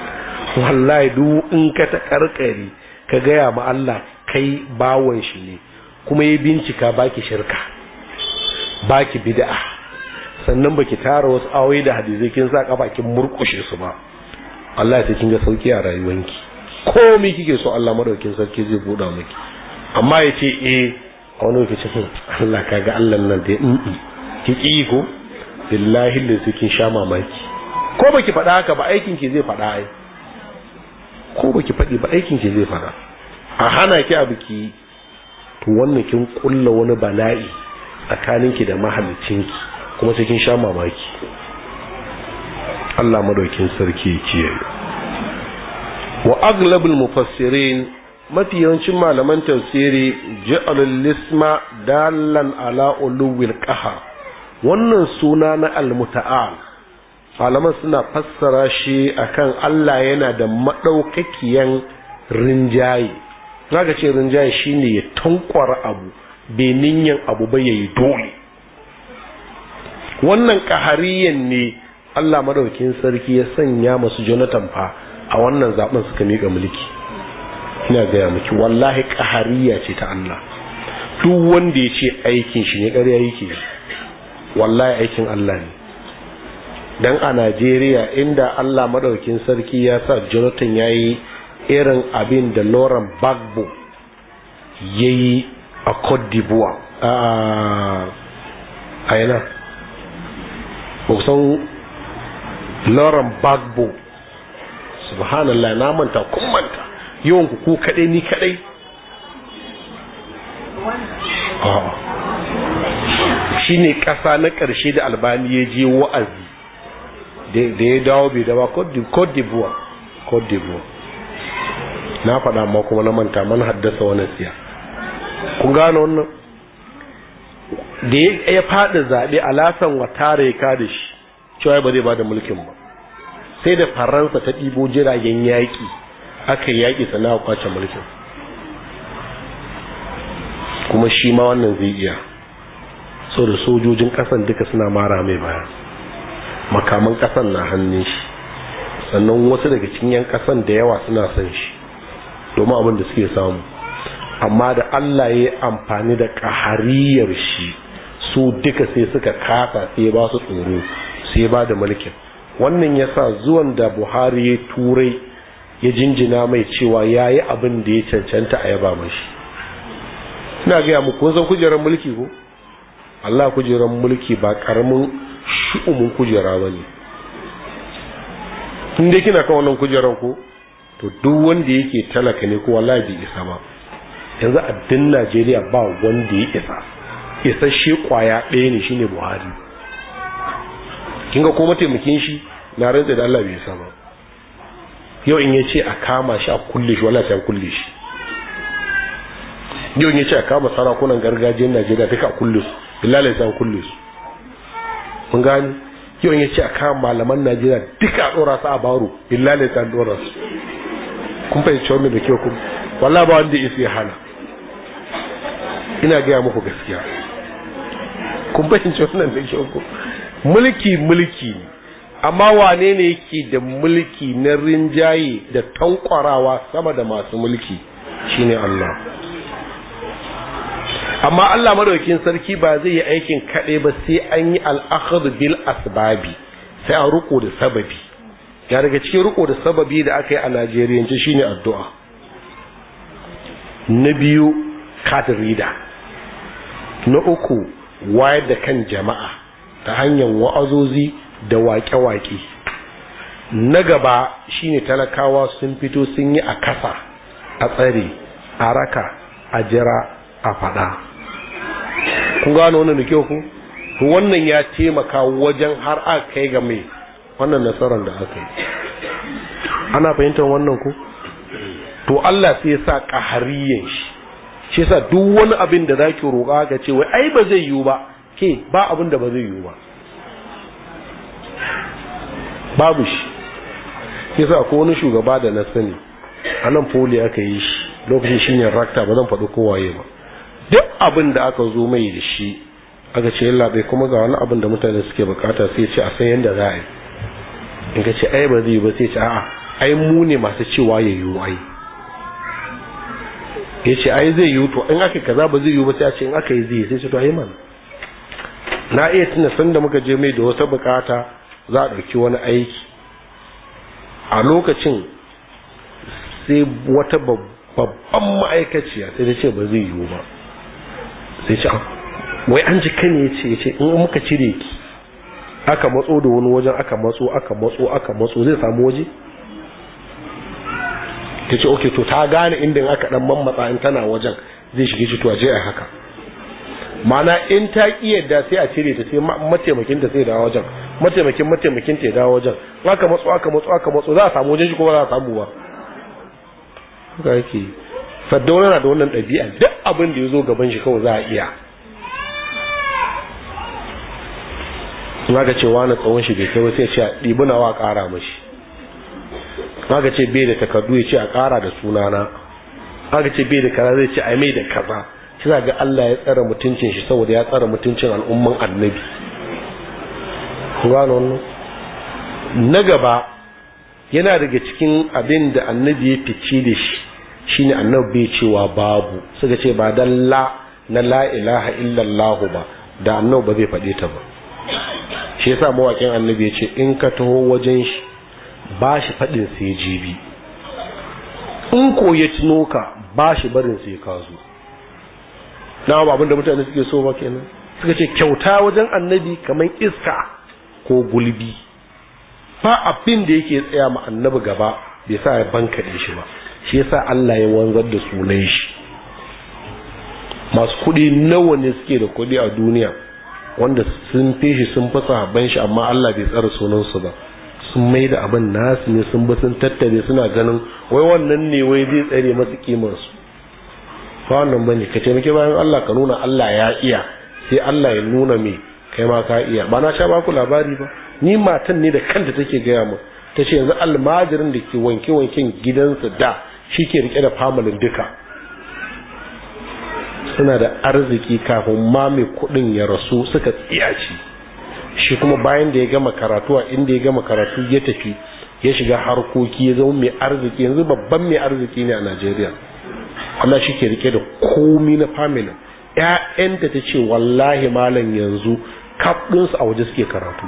wallahi duk in ka ta karkari ka gaya ma Allah kai bawon shi ne kuma ya bincika baki shirka baki bid'a sannan baki tara wasu awai da hadisi kin sa kafa kin murkushe su ba Allah ya kin ga sauki a rayuwanki komi kike so Allah madaukin sarki zai buɗa miki amma ya ce eh a wani lokacin Allah kaga Allah nan dai in ki ki ko billahi da kin sha mamaki ko baki faɗa haka ba aikin ki zai faɗa ai ko baki faɗi ba aikin ki zai faɗa a hana ki abu ki to wannan kin kulla wani bala'i tsakanin ki da mahallicin ki kuma sai kin sha mamaki Allah madaukin sarki ya kiyaye wa aglabul mufassirin mafi yawancin malaman tafsiri ja'alul lisma dalan ala uluwil qaha wannan suna na almuta'al malaman suna fassara shi akan Allah yana da madaukakiyan rinjaye zaka ce rinjaye shine ya tankwara abu bai ninyan abu ba yayi dole wannan kahariyan ne Allah madaukakin sarki ya sanya masu Jonathan fa a wannan zaben suka miƙa mulki ina gaya miki wallahi ƙahariya ce ta Allah duk wanda ya ce aikin shi ne ƙarya yake wallahi aikin Allah ne dan a Najeriya inda Allah madaukin sarki ya sa Jonathan yayi irin abin da Lauren Bagbo yayi a Cote d'Ivoire a yana kusan Lauren Bagbo subhanallah na manta kun manta yawan ku kadai ni kadai ne kasa na karshe da albani ya je wa'azi da ya dawo bai dawa Côte d'Ivoire Côte d'Ivoire na faɗa ma kuma na manta man haddasa wani siya kun gano wannan da ya faɗi zaɓe a alasan watare ya da shi cewa ba zai ba da mulkin ba sai da faransa ta ɗibo jiragen yaƙi aka yaƙi sana a kwace mulkin kuma shi ma wannan zai iya so da sojojin ƙasan duka suna mara mai baya makaman ƙasan na hannun shi sannan wasu daga cikin yan ƙasan da yawa suna son shi domin abin da suke samu amma da allah ya amfani da ƙahariyar shi su duka sai suka kasa sai ba su tsoro sai ba da mulkin wannan ya sa zuwan da buhari ya turai ya jinjina mai cewa ya yi abin da ya cancanta a yaba mashi ina gaya mu kun san kujerar mulki ko Allah kujerar mulki ba karamin shi'umin kujera ba ne inda kina kan wannan kujerar ko to duk wanda yake talaka ne ko wallahi isa ba yanzu abin Najeriya ba wanda ya isa isa shi kwaya ɗaya ne shine Buhari kin ga ko mataimakin shi na rantsa da Allah bai sa ba yau in yace a kama shi a kulle shi wallahi sai kulle shi yau in yace a kama sarakunan gargajiyar Najeriya duka a kulle su billahi sai kulle su mun gani yau in yace a kama malaman Najeriya duka a dora su a baro billahi sai dora su kun yace wannan da ke ku wallahi ba wanda ya sai hana ina gaya muku gaskiya kun fahimci wannan da ke ku mulki mulki ne amma wane ne yake da mulki na rinjaye da tankwarawa sama da masu mulki shine Allah amma Allah madaukakin sarki ba zai yi aikin kaɗai ba sai an yi al'akhadh bil asbabi sai a ruko da sababi ya daga cikin ruko da sababi da aka yi a Najeriyance shine addu'a na biyu card na uku wayar da kan jama'a ta hanyar wa'azozi da waƙe-waƙe na gaba shine talakawa sun fito sun yi a kasa a tsari, a raka a jira a faɗa kun gano wannan da kyau ku to wannan ya taimaka wajen har a kai ga mai wannan nasarar da aka yi ana fahimtar wannan ku to Allah sai ya sa ƙahariyan shi shi sa duk wani abin da zaki roƙa ga cewa, wai ai ba zai yiwu ba ke ba abin da ba zai yiwu ba babu shi sa ko wani shugaba da na sani a nan foli aka yi shi lokacin shi ne rakta ba zan faɗi kowaye ba duk abin da aka zo mai da shi aka ce yalla bai kuma ga wani abin da mutane suke bukata sai ce a san yadda za a yi in ka ce ai ba zai yi ba sai ce a'a ai mu ne masu cewa ya yiwu ai ya ce ai zai yiwu to in aka kaza ba zai yiwu ba sai a ce in aka yi zai sai ce to ai mana na iya tuna sanda muka je mai da wata bukata za a ɗauki wani aiki a lokacin sai wata babban ma'aikaciya sai ta ce ba zai yiwu ba sai ce ah, wai an ji kane ya ce ya ce in muka cire ki aka matso da wani wajen aka matso aka matso aka matso zai samu waje ta ce ok to ta gane inda aka dan mamatsa in tana wajen zai shige shi to je a haka ma'ana in ta ki yadda sai a cire ta sai mataimakin ta sai dawo wajen mataimakin mataimakin ta dawo wajen in aka matso aka matso aka matso za a samu wajen shi kuma za a samu ba ga yake saddauna na da wannan ɗabi'a duk abin da ya zo gaban shi kawai za a iya ga cewa na tsawon shi bai kai ba sai ce a ɗibi nawa ƙara mashi ga ce bai da takardu ya ce a ƙara da sunana ga ce bai da kaza zai ce a mai da kaza kira ga Allah ya tsara mutuncin shi saboda ya tsara mutuncin al'umman annabi gano na gaba yana daga cikin abin da annabi ya fice da shi shine annabi bai cewa babu suka ce ba dan la na la ilaha illallah ba da annabi ba zai fade ta ba shi yasa mawakin annabi ya ce in ka taho wajen shi ba shi faɗin sai jibi in ko ya tuno ka ba shi barin sai ka zo na ba abin mutane suke so ba kenan suka ce kyauta wajen annabi kamar iska ko gulbi ba abin da yake tsaya ma annabi gaba bai sa ya bankaɗe shi ba shi yasa Allah ya wanzar da sunan shi masu kuɗi nawa ne suke da kuɗi a duniya wanda sun fi shi sun fasa sahabban shi amma Allah bai tsara sunansu ba sun mai da abin nasu ne sun bi sun tattare suna ganin wai wannan ne wai zai tsare masu kimarsu ba wannan bane ka taimake bayan Allah ka nuna Allah ya iya sai Allah ya nuna me kai ma ka iya ba na sha baku labari ba ni matan ne da kanta take gaya mu ta ce yanzu almajirin da ke wanke wanken gidansa da shi ke rike da famalin duka suna da arziki kafin ma mai kuɗin ya rasu suka tsiyaci shi kuma bayan da ya gama karatu a inda ya gama karatu ya tafi ya shiga harkoki ya zama mai arziki yanzu babban mai arziki ne a najeriya Allah shi ke rike da komi na ‘ya’yan da ta ce wallahi malam yanzu kaɗinsu a waje suke karatu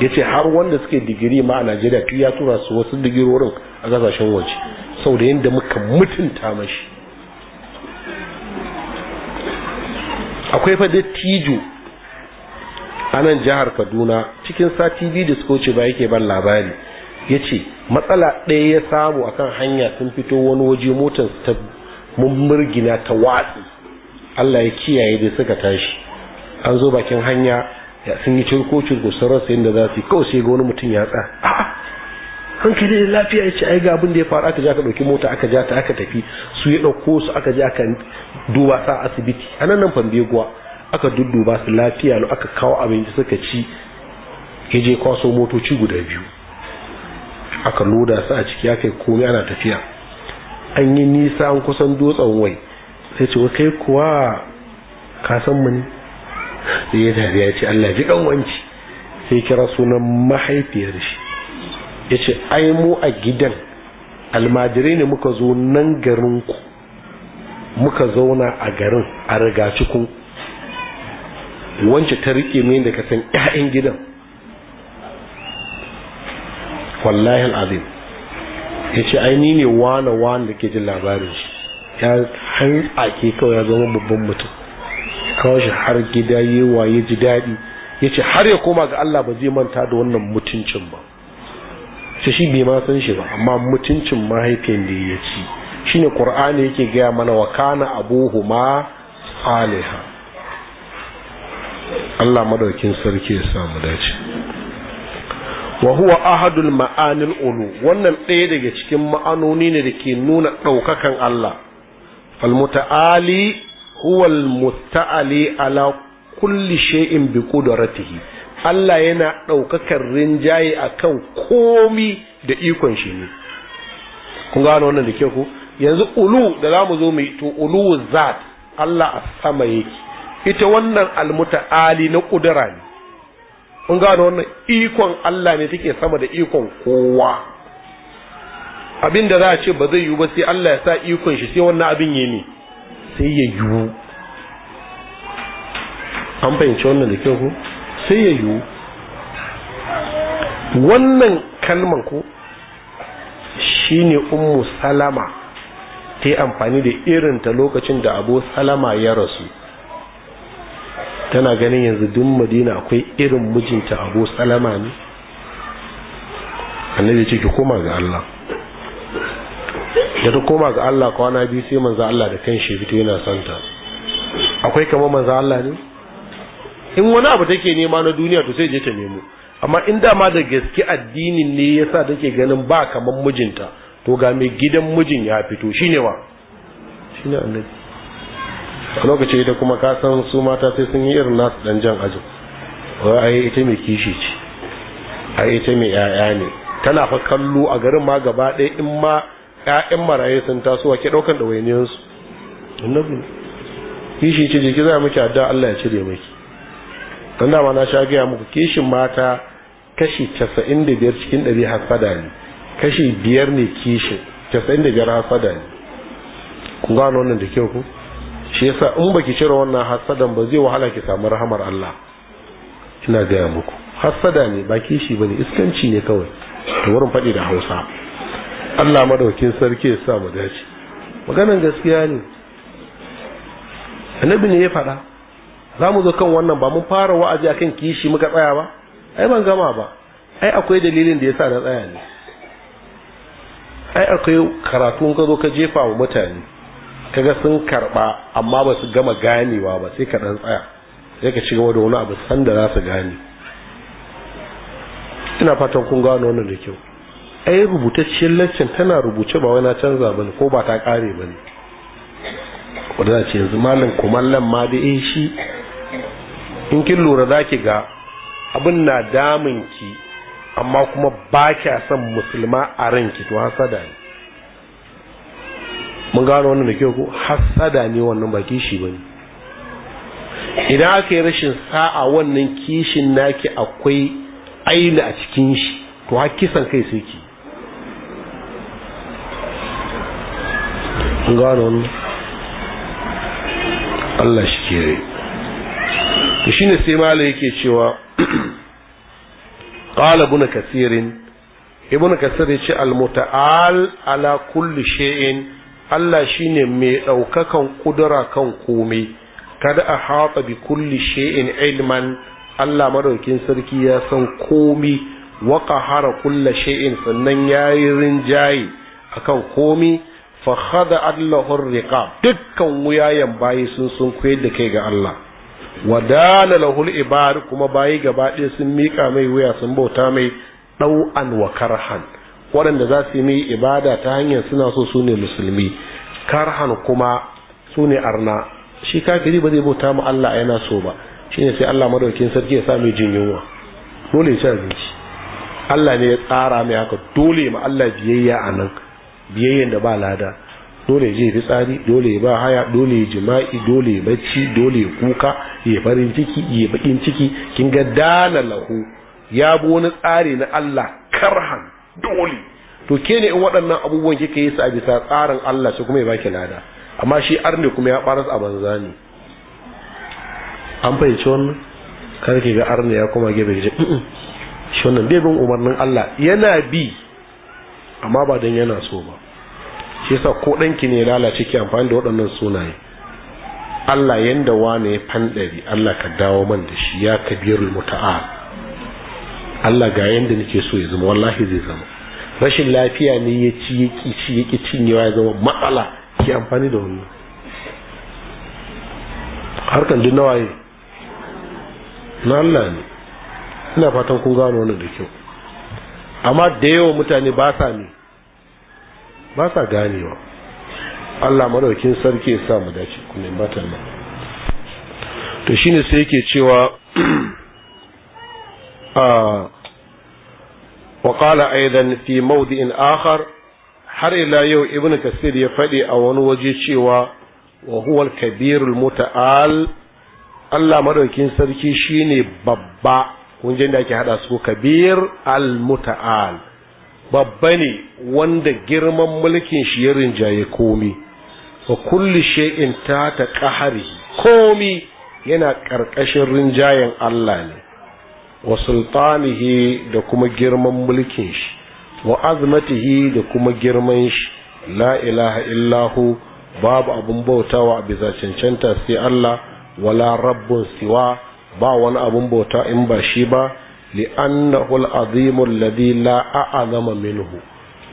ya ce har wanda suke digiri ma a najeriya tu ya tura su wasu digirorin a ƙasashen waje sau da yadda muka mutunta mashi akwai fa dattijo a nan jihar kaduna cikin sati biyu da suka wuce ba yake ban labari ya ce matsala ɗaya ya samu akan hanya sun fito wani waje motar ta mun murgina ta watsi Allah ya kiyaye da suka tashi an zo bakin hanya sun yi cirko cirko sun rasa yadda za su yi kawai sai ga wani mutum ya tsa hankali da lafiya ya ce ai ga abin da ya faru aka ja ka ɗauki mota aka ja ta aka tafi su ya ɗauko su aka ja ka duba sa asibiti a nan nan guwa aka dudduba su lafiya no aka kawo abinci suka ci ya je kwaso motoci guda biyu aka loda su a ciki aka yi komai ana tafiya an yi nisa an kusan dutsen wai sai ce wa kai kuwa ka san mu ne sai ya dariya ce Allah ji kan wanci sai kira sunan mahaifiyar shi ya ce ai mu a gidan almajirai ne muka zo nan garin ku muka zauna a garin a rigaci ku wance ta rike mai da ka san ƴaƴan gidan wallahi alazim ya ce ni ne wane wane da ke jin labarin shi ya har ake kawai ya zama babban mutum kawai shi har gida yi ya ji daɗi ya ce har ya koma ga Allah ba zai manta da wannan mutuncin ba sai shi bai ma san shi ba amma mutuncin mahaifiyar da ya ci ne ƙur'ani yake gaya mana wa kana abuhuma salihah Allah madaukin sarki ya samu dace wa huwa ahadul ma'anil ulu wannan ɗaya daga cikin ma'anoni ne da ke nuna ɗaukakan Allah almuta'ali huwa almuta'ali ala kulli shay'in bi qudratihi Allah yana ɗaukakan rinjaye akan komi da ikon shi ne kun gano wannan da ke ku yanzu ulu da zamu zo mu to ulu zat Allah a sama yake ita wannan almuta'ali na kudura ne kun gano wannan ikon Allah ne take sama da ikon kowa abin da za a ce ba zai yiwu ba sai Allah ya sa ikon shi sai wannan abin ya ne sai ya yiwu an fahimci wannan da kyau ko sai ya yiwu wannan kalman ko shine ummu salama ta yi amfani da irinta lokacin da abu salama ya rasu tana ganin yanzu duk madina akwai irin mijinta abu salama ne annabi ce ki koma ga Allah da ta koma ga Allah kwana biyu sai manzo Allah da kanshi fito yana santa akwai kama manzo Allah ne in wani abu take nema na duniya to sai je ta nemo amma in dama da gaske addinin ne yasa take ganin ba kamar mijinta to ga mai gidan mijin ya fito shine wa shine annabi a lokaci ita kuma ka san su mata sai sun yi irin nasu dan jan ajo wai ai ita mai kishi ce ai ita mai yaya ne tana fa kallo a garin ma gaba ɗaya in ma ƴaƴan maraye sun taso ke ɗaukan ɗawainiyar su annabi kishi ce jiki za miki addu'a Allah ya cire miki dan da ma na sha gaya muku kishin mata kashi 95 cikin 100 hasada ne kashi biyar ne kishin 95 hasada ne kun gano wannan da kyau ku shi yasa in baki cire wannan hasadan ba zai wahala ki samu rahamar Allah ina gaya muku hasada ne ba kishi bane iskanci ne kawai to wurin faɗi da Hausa Allah madaukin sarki ya sa mu dace maganan gaskiya ne annabi ne ya faɗa za zo kan wannan ba mun fara wa'azi akan kishi muka tsaya ba ai ban gama ba ai akwai dalilin da yasa na tsaya ne ai akwai karatun ka zo ka jefa wa mutane kaga sun karba amma ba su gama ganewa ba sai ka dan tsaya sai ka cigaba da wani abu san da za su gane ina fatan kun gano wannan da kyau ai rubutaccen laccin tana rubuce ba na canza bane ko ba ta kare bane wanda za ce yanzu malam kumallon ma da in eh, shi in kin lura za ki ga abin na damun ki amma kuma ba kya son musulma a ranki to hasada ne mun gano wannan da kyau ko hasada ne wannan ba kishi ba ne idan aka yi rashin sa'a wannan kishin naki akwai aini a cikin shi to ha kisan kai sai ki mun gano wannan Allah shi ke kere to shine sai mala yake cewa qala ibn kasirin ibn kasir yace al muta'al ala kulli shay'in Allah shi ne mai ɗaukakan ƙudura kan komai kada a haɗa bi kulli sha'in ilman Allah maɗaukin sarki ya san komai wa hara kulli she'in sannan ya yayi rinjaye kan komai fa khada Allahu riƙa dukkan wuyayen bayi sun sun kwe da kai ga Allah wadana lahul ibar kuma bayi gaba ɗaya sun miƙa mai wuya sun bauta mai ɗau'an wa karhan waɗanda za su yi mai ibada ta hanyar suna so su ne musulmi karhan kuma su ne arna shi kafiri ba zai bauta mu Allah yana so ba shine sai Allah madaukakin sarki ya sa jin yunwa dole ya ci Allah ne ya tsara mai haka dole ma Allah biyayya a nan biyayyan da ba lada dole je tsari dole ya ba haya dole ya jima'i dole ya bacci dole ya kuka ya farin ciki ya bakin ciki kin ga dana lahu ya bi wani tsari na Allah karhan dole to ke ne in waɗannan abubuwan kika yi su a bisa tsarin Allah sai kuma ya baki lada amma shi arne kuma ya ɓaras a banza ne an fahimci wannan kar ki ga arne ya kuma gefe ki ce shi wannan bai umarnin Allah yana bi amma ba dan yana so ba shi yasa ko ɗanki ne lalace ki amfani da waɗannan sunaye Allah yanda wane ya fanɗari Allah ka dawo man da shi ya kabirul muta'al Allah ga yanda nake so ya zama wallahi zai zama rashin lafiya ne ya ci ya ki ci ya ki cinyewa ya zama matsala ki amfani da wannan harkan duk nawaye na Allah ne ina fatan kun gano wannan da kyau amma da yawa mutane ba sa ne ba sa ganewa Allah madaukin sarki ya sa mu dace kuma ba ta to shine sai yake cewa وقال أيضا في موضع آخر har ila yau ibn kasir ya faɗi a wani waje cewa wa huwal kabirul muta'al Allah maɗaukin sarki shine babba kun je da ake hada su kabir al babba ne wanda girman mulkin shi ya rinjaye komi wa kulli shay'in ta ta qahari komi yana ƙarƙashin rinjayen Allah ne wa sultanihi da kuma girman mulkin shi wa azmatihi da kuma girman shi la ilaha illahu babu abun bautawa a bisa cancanta sai Allah wala rabbun siwa ba wani abun bauta in ba shi ba annahu al-azimu alladhi la a'zama minhu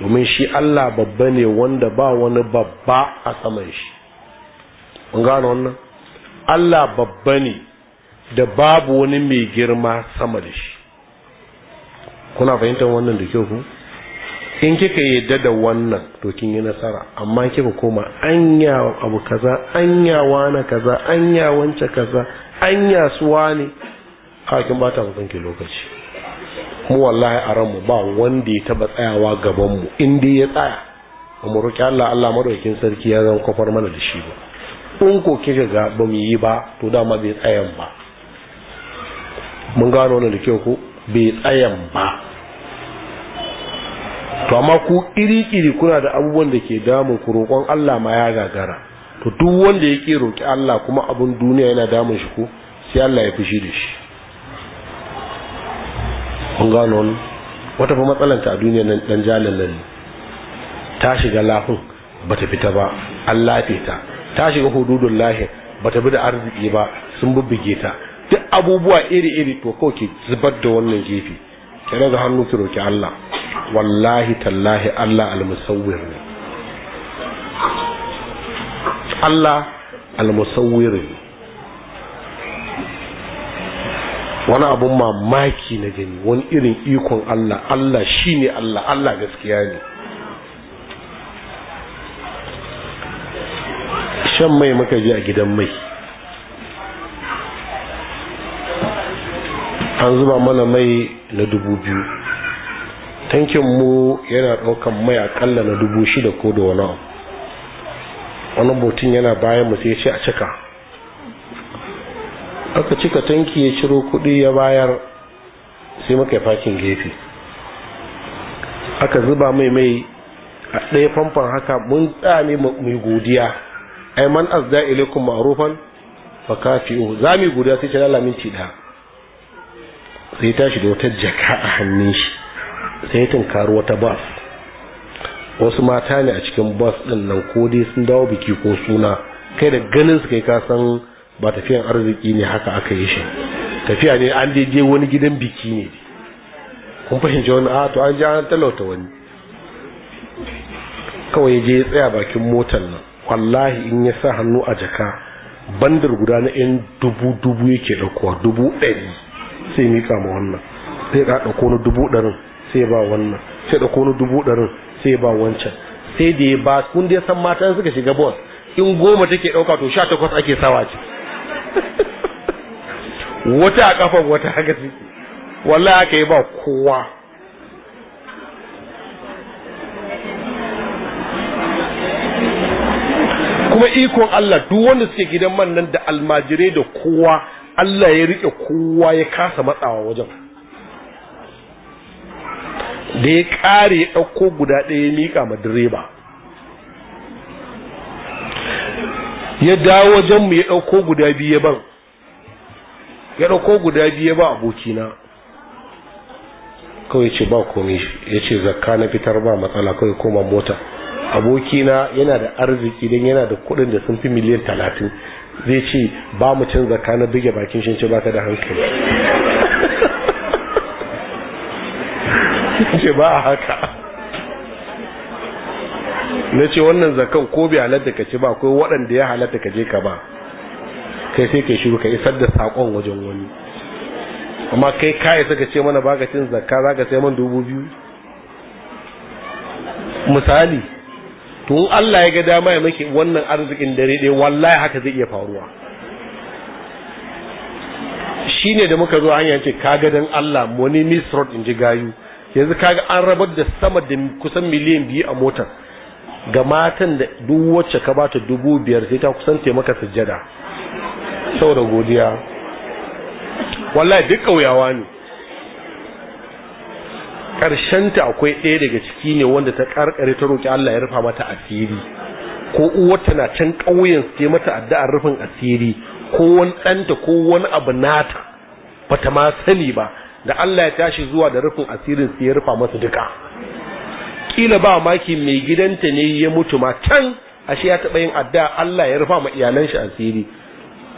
domin shi Allah babba ne wanda ba wani babba a saman shi mun gano wannan Allah babba ne da babu wani mai girma sama da shi kuna fahimtar wannan da kyau in kika yadda da wannan to kin yi nasara amma kika koma anya abu kaza anya wani kaza anya wance kaza anya suwa ne a kin bata mutum ke lokaci mu wallahi a ranmu ba wanda ya taba tsayawa gaban mu in dai ya tsaya mu roki Allah Allah madaukakin sarki ya zan kofar mana da shi ba in ko kika ga ba mu yi ba to dama bai tsayan ba mun gano wannan da kyau ko bai tsayan ba to amma ku kiri-kiri kuna da abubuwan da ke damun ku roƙon Allah ma ya gagara to duk wanda yake roƙi Allah kuma abun duniya yana damun shi ko sai Allah ya fushi da shi mun gano wani wata fa matsalanta a duniya nan dan jalan nan ta shiga lafin bata fita ba Allah ta ta shiga hududun lahin bata bi da arziki ba sun bubbuge ta duk abubuwa iri-iri to ko ki zubar da wannan gefe ki raga hannu ki roki Allah wallahi tallahi Allah al-musawwir ne Allah al-musawwir ne wani abun mamaki na gani wani irin ikon Allah Allah shine Allah Allah gaskiya ne shan mai muka je a gidan mai an zuba mana mai na dubu biyu tankin mu yana ɗaukan mai akalla na dubu shida ko da wani abu wani botin yana bayan mu ya ce a cika aka cika tanki ya ciro kuɗi ya bayar sai muka fakin gefe aka zuba mai mai a ɗaya famfan haka mun tsami mai godiya ai man azda ilaikum ma'rufan fa kafi'u za mu godiya sai ce lalamin ci ɗaya sai tashi da wata jaka a hannun shi sai ya tunkaru wata bas wasu mata ne a cikin bas din nan ko dai sun dawo biki ko suna kai da ganin su kai ka san ba tafiyan arziki ne haka aka yi shi tafiya ne an je wani gidan biki ne kun fahimci wani a to an ji an talauta wani kawai ya je ya tsaya bakin motar nan wallahi in ya sa hannu a jaka bandar guda na yan dubu dubu yake ɗaukowa dubu ɗari sai mika ma wannan sai ya dauko na dubu ɗarin sai ba wannan sai dauko na dubu ɗarin sai ba wancan sai da ya ba kun dai san matan suka shiga bos in goma take ɗauka to sha takwas ake sawa ce wata a kafan wata haka suke wallahi aka yi ba kowa kuma ikon Allah duk wanda suke gidan man nan da almajirai da kowa Allah ya rike kowa ya kasa matsawa wajen da ya kare ya ɗauko guda ɗaya ya miƙa ma direba ya dawo wajen mu ya ɗauko guda biyu ban ya ɗauko guda biyu ba abokina kawai ce ba komi ya ce zakka na fitar ba matsala kawai koma mota abokina yana da arziki don yana da kuɗin da sun fi miliyan talatin zai ce ba mutum zaka na buge bakin shi ce baka da hankali ce ba a haka na ce wannan zakan ko bai halatta ka ce ba akwai waɗanda ya halatta ka je ka ba kai sai ka shiru ka isar da saƙon wajen wani amma kai kayi suka ce mana baka cin za ka sai man dubu biyu misali to Allah ya ga dama ya maki wannan arzikin dare ɗaya wallahi haka zai iya faruwa Shi ne da muka zo hanya ce ga dan Allah money misrod in ji gayu yanzu kaga an rabar da sama da kusan miliyan biyu a motar ga matan da duk wacce ka bata dubu biyar sai ta kusan taimaka sujjada saboda godiya wallahi duk kauyawa ne ta akwai ɗaya daga ciki ne wanda ta ƙarƙare ta roƙi Allah ya rufa mata asiri ko uwarta na can ƙauyen su ce mata addu'ar rufin asiri ko wani ɗanta ko wani abu nata ta ma sani ba da Allah ya tashi zuwa da rufin asirin su ya rufa masa duka kila ba maki mai gidanta ne ya mutu ma can ashe ya taɓa yin addu'a Allah ya rufa ma iyalan shi asiri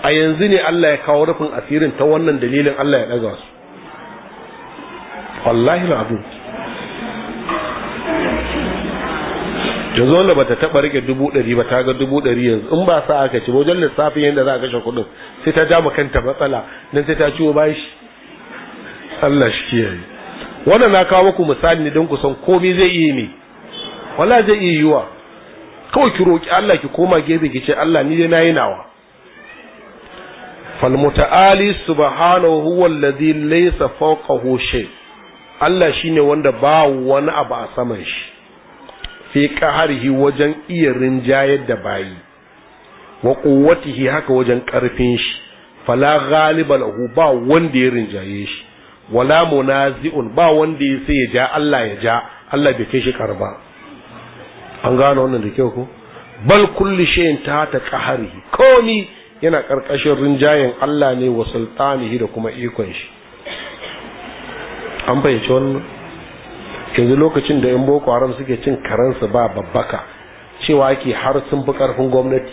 a yanzu ne Allah ya kawo rufin asirin ta wannan dalilin Allah ya ɗaga su wallahi azim yanzu ba bata taba rike dubu ɗari ba ta ga dubu ɗari yanzu in ba sa aka ci wajen lissafin yadda za a kashe kuɗin sai ta ja kanta matsala don sai ta ciwo bashi Allah shi kiyaye wannan na kawo muku misali ne don ku san komai zai iya ne wala zai iya yiwa kawai ki roki Allah ki koma gefe ki ce Allah ni dai nayi nawa fal mutaali subhanahu huwa alladhi laysa fawqahu shay Allah shi ne wanda ba wani abu a saman shi fi ƙaharhi wajen iya rinjayar da bayi wa quwwatihi haka wajen ƙarfin shi fala ghaliba hu ba wanda ya rinjaye shi wala munazi'un ba wanda ya sai ya ja Allah ya ja Allah bai kai shi karba an gano wannan da kyau ko bal kulli shay'in ta ta qahari komi yana ƙarƙashin rinjayen Allah ne wa sultanihi da kuma ikon shi an fahimci wannan yanzu lokacin da yan boko haram suke cin karansu ba babbaka cewa ake har sun fi karfin gwamnati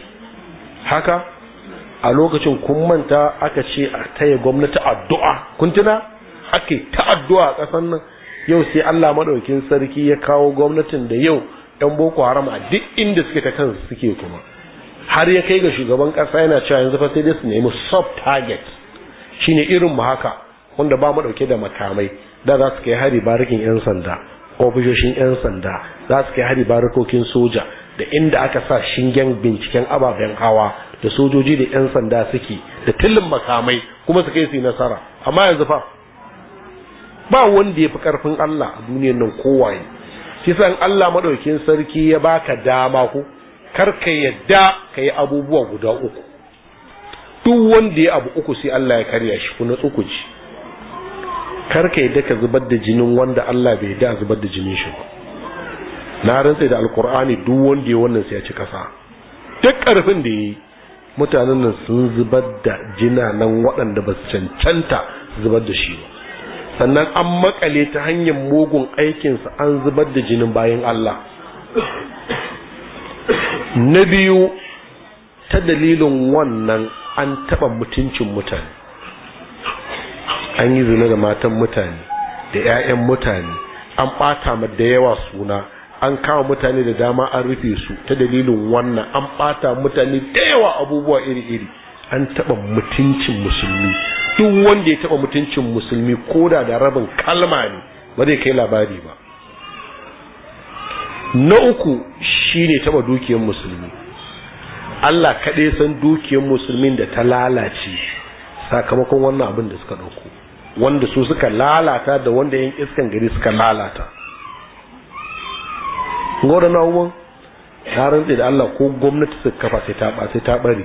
haka a lokacin kun manta aka ce a taya gwamnati addu'a kuntuna tuna ake ta addu'a a ƙasar nan yau sai Allah maɗaukin sarki ya kawo gwamnatin da yau yan boko haram a duk inda suke ta kansu suke kuma har ya kai ga shugaban ƙasa yana cewa yanzu fa sai dai su nemi soft target shine irin mu haka wanda ba mu ɗauke da makamai da za su kai hari barikin 'yan sanda ofishoshin 'yan sanda za su kai hari barikokin soja da inda aka sa shingen binciken ababen hawa da sojoji da 'yan sanda suke da tilin makamai kuma su kai su nasara amma yanzu fa ba wanda ya fi karfin Allah a duniyar nan kowaye san Allah madaukin sarki ya baka dama ko kar ka yadda ka yi abubuwa guda uku duk wanda ya abu uku sai Allah ya karya shi ku na tsukuci karka yadda ka zubar da jinin wanda Allah bai da zubar da jinin shi na rantsa da alkur'ani duk wanda ya wannan sai ya ci kasa duk karfin da yi mutanen nan sun zubar da jina nan waɗanda ba su cancanta zubar da shi ba sannan an makale ta hanyar mugun aikinsa an zubar da jinin bayan Allah na biyu ta dalilin wannan an taɓa mutuncin mutane an yi zina da matan mutane da 'ya'yan mutane an ɓata ma da yawa suna an kama mutane da dama an rufe su ta dalilin wannan an ɓata mutane da yawa abubuwa iri-iri an taɓa mutuncin musulmi duk wanda ya taɓa mutuncin musulmi ko da da rabin kalma ne ba zai kai labari ba na uku shine taɓa dukiyar musulmi Allah kaɗai san dukiyar musulmin da ta lalace sakamakon wannan abin da suka ɗauko wanda su suka lalata da wanda yin iskan gari suka lalata gora na umar tarin rantse da Allah ko gwamnati suka kafa sai ta sai ta bari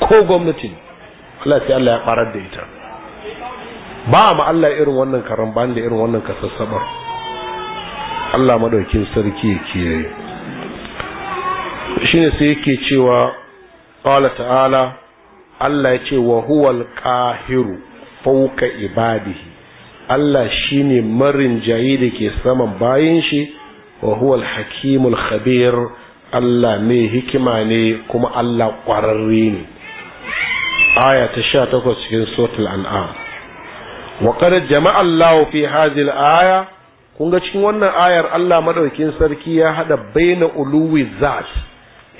ko gwamnati Allah sai Allah ya farar da ita ba ma Allah irin wannan karan ba da irin wannan kasassabar Allah madaukin sarki ya shi ne sai yake cewa qala ta'ala Allah ya ce wa huwal ƙahiru fauka ibadihi Allah shine marin jayi da ke saman bayan shi wa huwa hakimul khabir Allah mai hikima ne kuma Allah ƙwararre ne aya ta sha takwas cikin sotul an'am wa qad jama'a Allah fi hadhihi aya kun ga cikin wannan ayar Allah madaukin sarki ya hada baina uluwi zat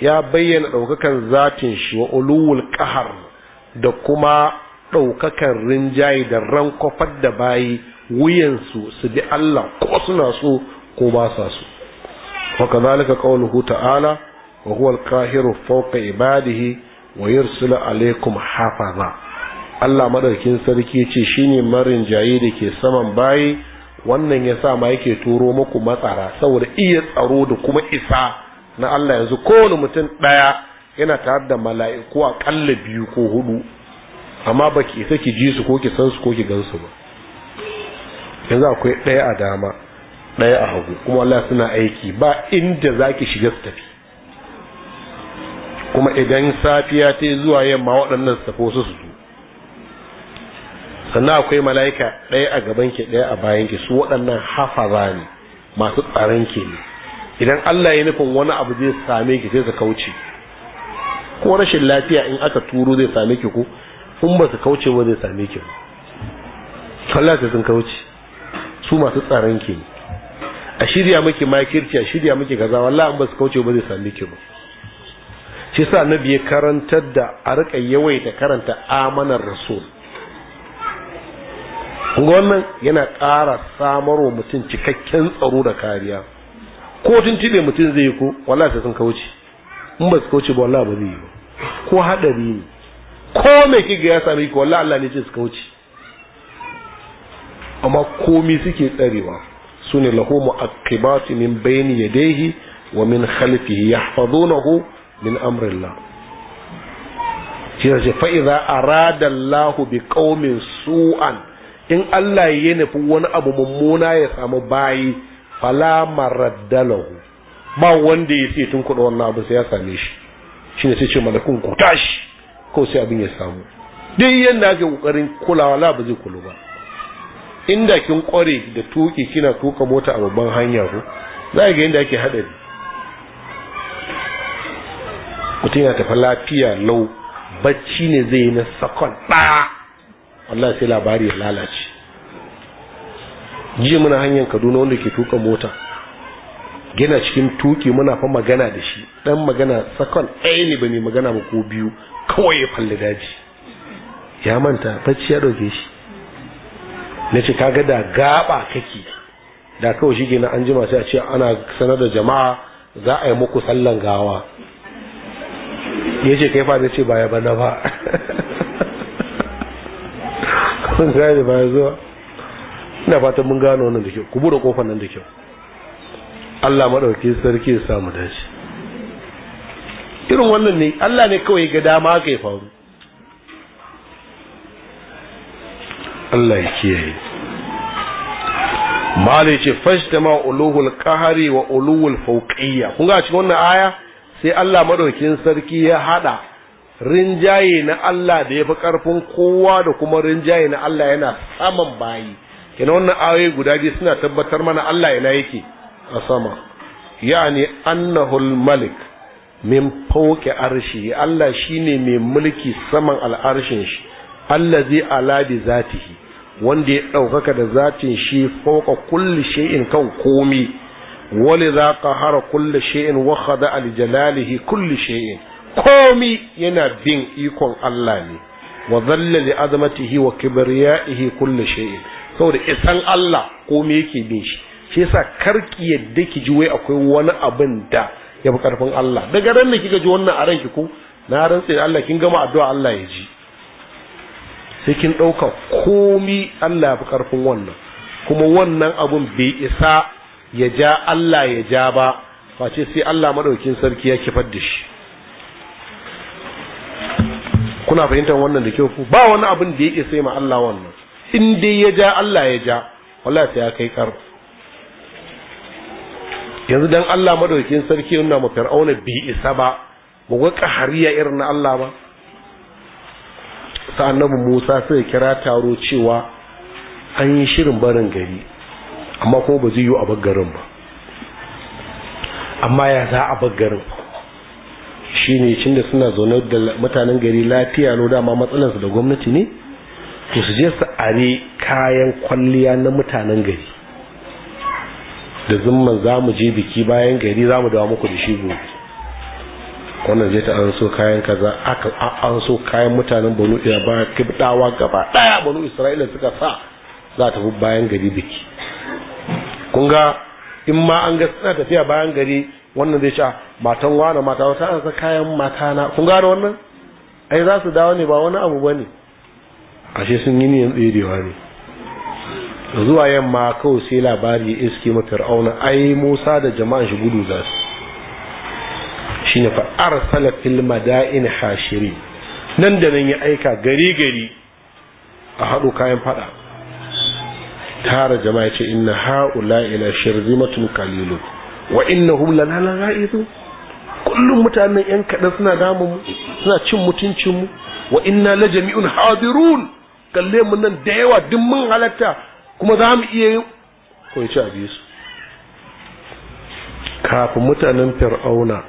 ya bayyana daukakan zatin shi wa uluwul qahar da kuma ɗaukakan rinjaye da ran kwafar da bayi wuyansu su bi Allah ko suna so ko ba sa so wa kadhalika qawluhu ta'ala wa huwa al-qahiru fawqa ibadihi wa yursilu alaykum hafaza Allah madaukin sarki ce shine marin jaye da ke saman bayi wannan yasa ma yake turo muku matsara saboda iya tsaro da kuma isa na Allah yanzu kowane mutum ɗaya yana tare da mala'iku a ƙalla biyu ko hudu amma ba ki isa ki ji su ko ki san su ko ki gan su ba yanzu akwai ɗaya a dama ɗaya a hagu kuma Allah suna aiki ba inda za ki shiga su tafi kuma idan safiya ta yi zuwa yamma waɗannan su tafi wasu su zo sannan akwai mala'ika ɗaya a gaban ki ɗaya a bayan ki su waɗannan ba ne masu tsaron ki ne idan Allah ya nufin wani abu zai same ki sai su kauce ko rashin lafiya in aka turo zai same ki ko Kun ba su kauce ba zai same ki Allah ta sun kauce su masu tsaron ki a shirya miki makirci a shirya miki kaza wallahi in ba su kauce ba zai same ki ba shi sa annabi ya karantar da a rika yawaita karanta amanar rasul kunga wannan yana ƙara wa mutum cikakken tsaro da kariya ko tun tibe mutum zai yi ko wallahi sai sun kauce in ba su kauce ba wallahi ba zai yi ko hadari ne ko mai kiga ya sami ko wallahi Allah ne ce suka wuce amma komi suke tsarewa sune lahu mu'aqqibat min bayni yadayhi wa min khalfihi yahfazunahu min Allah shi fa idza arada Allah bi qaumin su'an in Allah ya nufi wani abu mummuna ya samu bayi fala maraddalahu ba wanda ya ce tun kuɗa wannan abu sai ya same shi shine sai ce malakun ku tashi ko sai abin ya samu duk yadda ake kokarin kulawa la ba zai kulu ba inda kin kware da tuki kina tuka mota a babban hanya ko za ga yadda ake hadari mutum yana tafi lafiya lau bacci ne zai yi na sakon ɗaya wallahi sai labari ya lalace jiya muna hanyar kaduna wanda ke tuka mota gina cikin tuki muna fa magana da shi dan magana sakon ɗaya ne ba mai magana ba ko biyu kawai ya falli daji ya manta bacci ya ɗauke shi na ce kaga da gaba kake da kawai shi gina an jima sai a ce ana sanar da jama'a za a yi muku sallan gawa ya ce kai fada ce baya bana ba kun gane baya zuwa ina fatan mun gano wannan da kyau ku bude kofar nan da kyau Allah maɗauki sarki ya samu dace irin wannan ne Allah ne kawai ga dama ka yi faru Allah ya kiyaye malai ce ma uluhul kahari wa uluhul fawqiyya kun ga cikin wannan aya sai Allah madaukin sarki ya hada rinjaye na Allah da ya fi ƙarfin kowa da kuma rinjaye na Allah yana saman bayi kenan wannan ayoyi guda biyu suna tabbatar mana Allah yana yake a sama yani annahul malik min fauke arshi Allah shine mai mulki saman al'arshin shi zai ala da zatihi wanda ya ɗaukaka da zatin shi fauka kulli shay'in kan komi wani za ka hara kulli sha'in wa da aljalalihi jalalihi kulli komi yana bin ikon Allah ne wa dhalla li azmatihi wa kibriyaihi kulli shay'in saboda isan Allah komi yake bin shi shi yasa karki yadda ki ji wai akwai wani abin da ya fi karfin Allah daga ran da kika ji wannan a ranki ko na rantse da Allah kin gama addu'a Allah ya ji sai kin ɗauka komi Allah ya fi karfin wannan kuma wannan abun bai isa ya ja Allah ya ja ba face sai Allah madaukin sarki ya kifar da shi kuna fahimtar wannan da kyau ba wani abun da ya sai ma Allah wannan in dai ya ja Allah ya ja wallahi sai ya kai karfi yanzu dan Allah madaukin sarki yana mu fir'auna bi isa ba mu ga kahariya irin na Allah ba sa annabi Musa sai kira taro cewa an yi shirin barin gari amma ko ba zai yi a garin ba amma ya za a garin shine cin da suna zaune da mutanen gari lafiya no dama matsalarsu da gwamnati ne to su je su are kayan kwalliya na mutanen gari da zumman za mu je biki bayan gari za mu dawo muku da shi gobe wannan zai ta an so kayan kaza aka an so kayan mutanen banu iya ba kibdawa gaba daya banu isra'ila suka sa za ta fi bayan gari biki kun ga in ma an ga suna tafiya bayan gari wannan zai sha ah, matan wani mata wata an sa kayan mata na kun gane wannan ai za su dawo ne ba wani abu ba ne ashe sun yi niyan tserewa ne zuwa yamma kawai sai labari ya iske ma auna ai musa da jama'an shi gudu za su Shi ne fa'ar salafin madain hashiri nan da nan ya aika gari gari a haɗu kayan fada tara jama'a ya ce inna haula ila matun kalilu. wa innahum lana la'izun kullum mutanen yan kaɗan suna damun suna cin mutuncin mu wa ina la jami'un hadirun kalle mu nan da yawa duk mun halatta kuma za mu iya yin ko ci a su kafin mutanen fir'auna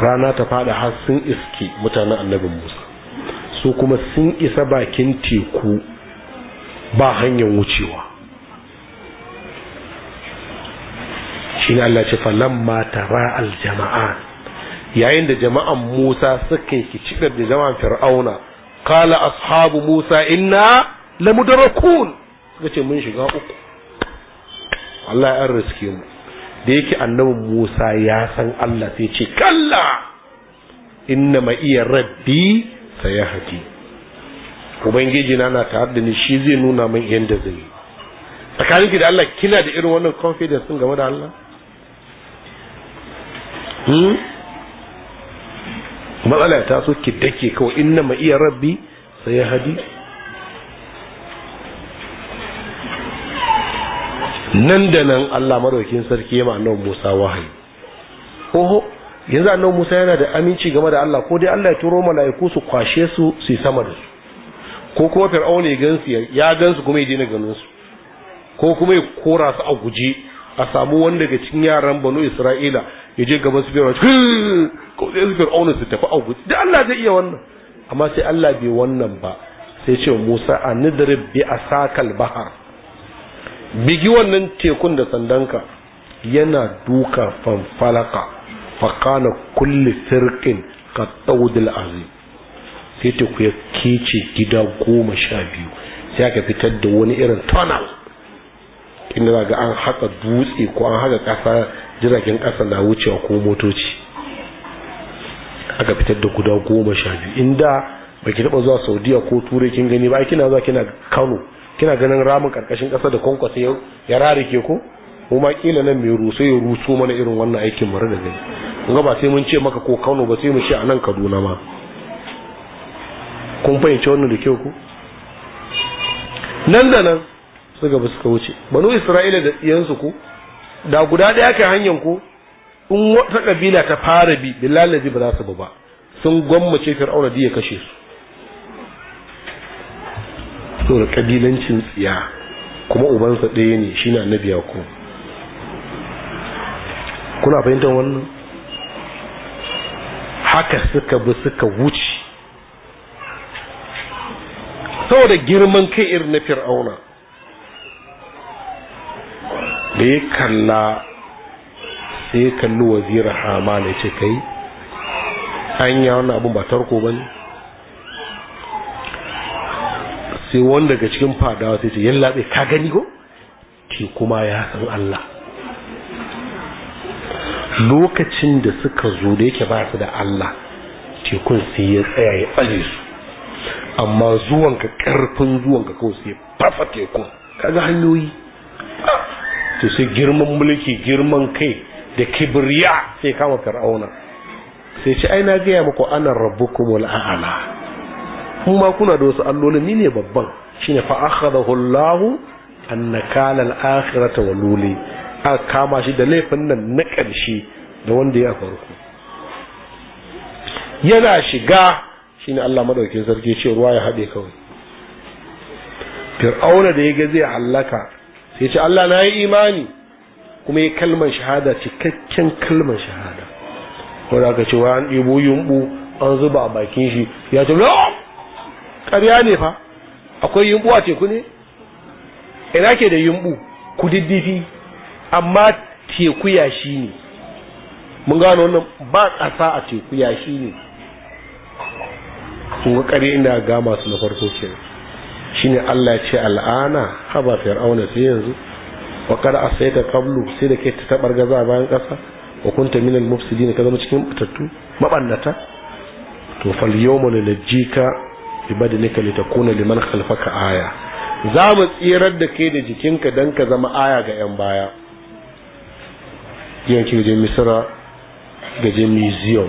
rana ta fada har sun iske mutanen annabin musa su kuma sun isa bakin teku ba hanyar wucewa shi ne Allah ce falon matara aljama'a yayin da jama'an musa suka yi kicidar da jama'an fir'auna kala ashabu musa inna lamudarakun suka ce mun shiga uku Allah ya riske mu da yake annabi Musa ya san Allah sai ce kalla inna ma iya rabbi sayahdi ubangiji na na tare da ni shi zai nuna min yanda zai yi tsakanin ki da Allah kina da irin wannan confidence din game da Allah hmm matsala ta so ki dake kawai inna ma iya rabbi sayahdi nan da nan Allah maraukin sarki ya ma'anar Musa wahayi oho yanzu annabi Musa yana da aminci game da Allah ko dai Allah ya turo mala'iku su kwashe su su yi sama da su ko kuma fir'auna ya gansu ya gansu kuma ya dina ganin su ko kuma ya kora su a guje a samu wani daga cikin yaran banu Isra'ila ya je gaban su fir'auna ko sai su fir'auna su tafi a guje da Allah zai iya wannan amma sai Allah bai wannan ba sai ce Musa anidrib bi asakal bahar bigi wannan tekun da sandanka yana duka fanfalaka fakana kulle firkin ka tsawudul azim sai teku ya kece gida goma sha biyu sai aka fitar da wani irin tunnel inda za ga an haka dutse ko an haka kasa jiragen ƙasa na wucewa ko motoci aka fitar da guda goma sha biyu inda baki taba zuwa saudiya ko turai kin gani ba kina zuwa kina kano kina ganin ramin karkashin kasa da kwankwasa ya rarike ko mu ma kila nan mai ruso ya ruso mana irin wannan aikin mu da gani kun ga ba sai mun ce maka ko Kano ba sai mu ce anan Kaduna ma kun fahimci wannan da kyau ko nan da nan suka bi suka wuce banu Isra'ila da iyansu ko da guda daya kai hanyar ko in wata kabila ta fara bi billahi ba za su ba sun gwamnati fir'auna da ya kashe su saboda kabilancin tsiya kuma ubansa ɗaya ne shine annabi yakub kuna fahimtar wannan haka suka bi suka wuce saboda girman kai irin na fir'auna da ya kalla sai ya kalli wazirin hama ne ce kai an yi wannan abin ba tarko ba ne sai wanda daga cikin fadawa sai ce yin ka gani ko ke kuma ya san Allah lokacin da suka zo da yake ba su da Allah tekun sai ya tsaya ya tsare su amma zuwan ƙarfin karfin zuwan ka kawai sai fafa tekun kaga hanyoyi to sai girman mulki girman kai da kibriya sai kama fir'auna sai ce ai na gaya muku ana rabbukumul a'ala kun ma kuna da wasu allolin ni ne babban shine fa akhadahu Allahu an nakala al-akhirata waluli a kama shi da laifin nan na ƙarshe da wanda ya farko yana shiga shine Allah madaukakin sarki ce ruwa ya haɗe kawai fir'auna da ya ga zai hallaka sai ce Allah na yi imani kuma ya kalmar shahada cikakken kalmar shahada da aka ce wa an ɗebo yumɓu an zuba a bakin shi ya ce ƙarya ne fa akwai yumbu a teku ne ina ke da yumbu diddifi amma teku yashi ne mun gano wannan ba ƙasa a teku yashi ne kun ga ƙarya ina ga masu na farko shi shine Allah ya ce al'ana haba fir'auna sai yanzu wa kada ta qablu sai da ke ta a bayan ƙasa wa ta minal ne ka zama cikin batattu maɓannata to fal lajji ka. bi litakuna liman khalfaka aya za mu tsirar da kai da jikinka dan ka zama aya ga yan baya yanki gajen misira gajen museum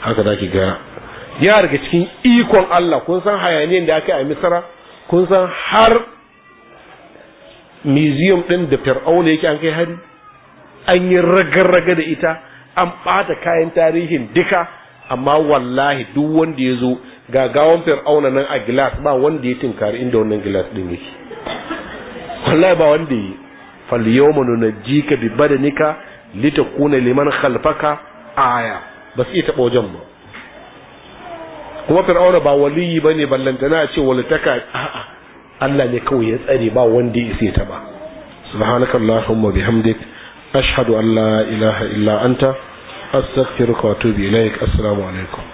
haka za ki ga ya daga cikin ikon Allah kun san hayaniyar da aka yi a misra kun san har museum din da fir'auna yake an kai hari an yi ragarraga da ita an ɓata kayan tarihin duka amma wallahi duk wanda ya zo ga gawan fir'auna nan a gilas ba wanda ya tinkari inda wannan gilas din yake wallahi ba wanda yi fal yawma nunjika bi badanika litakuna liman khalfaka aya ba su iya taɓa ba kuma fir'auna ba waliyi ba ne ballantana a ce walitaka a'a Allah ne kawai ya tsare ba wanda ya isa ta ba subhanaka allahumma bihamdik ashhadu an la ilaha illa anta astaghfiruka wa atubu ilaik assalamu alaikum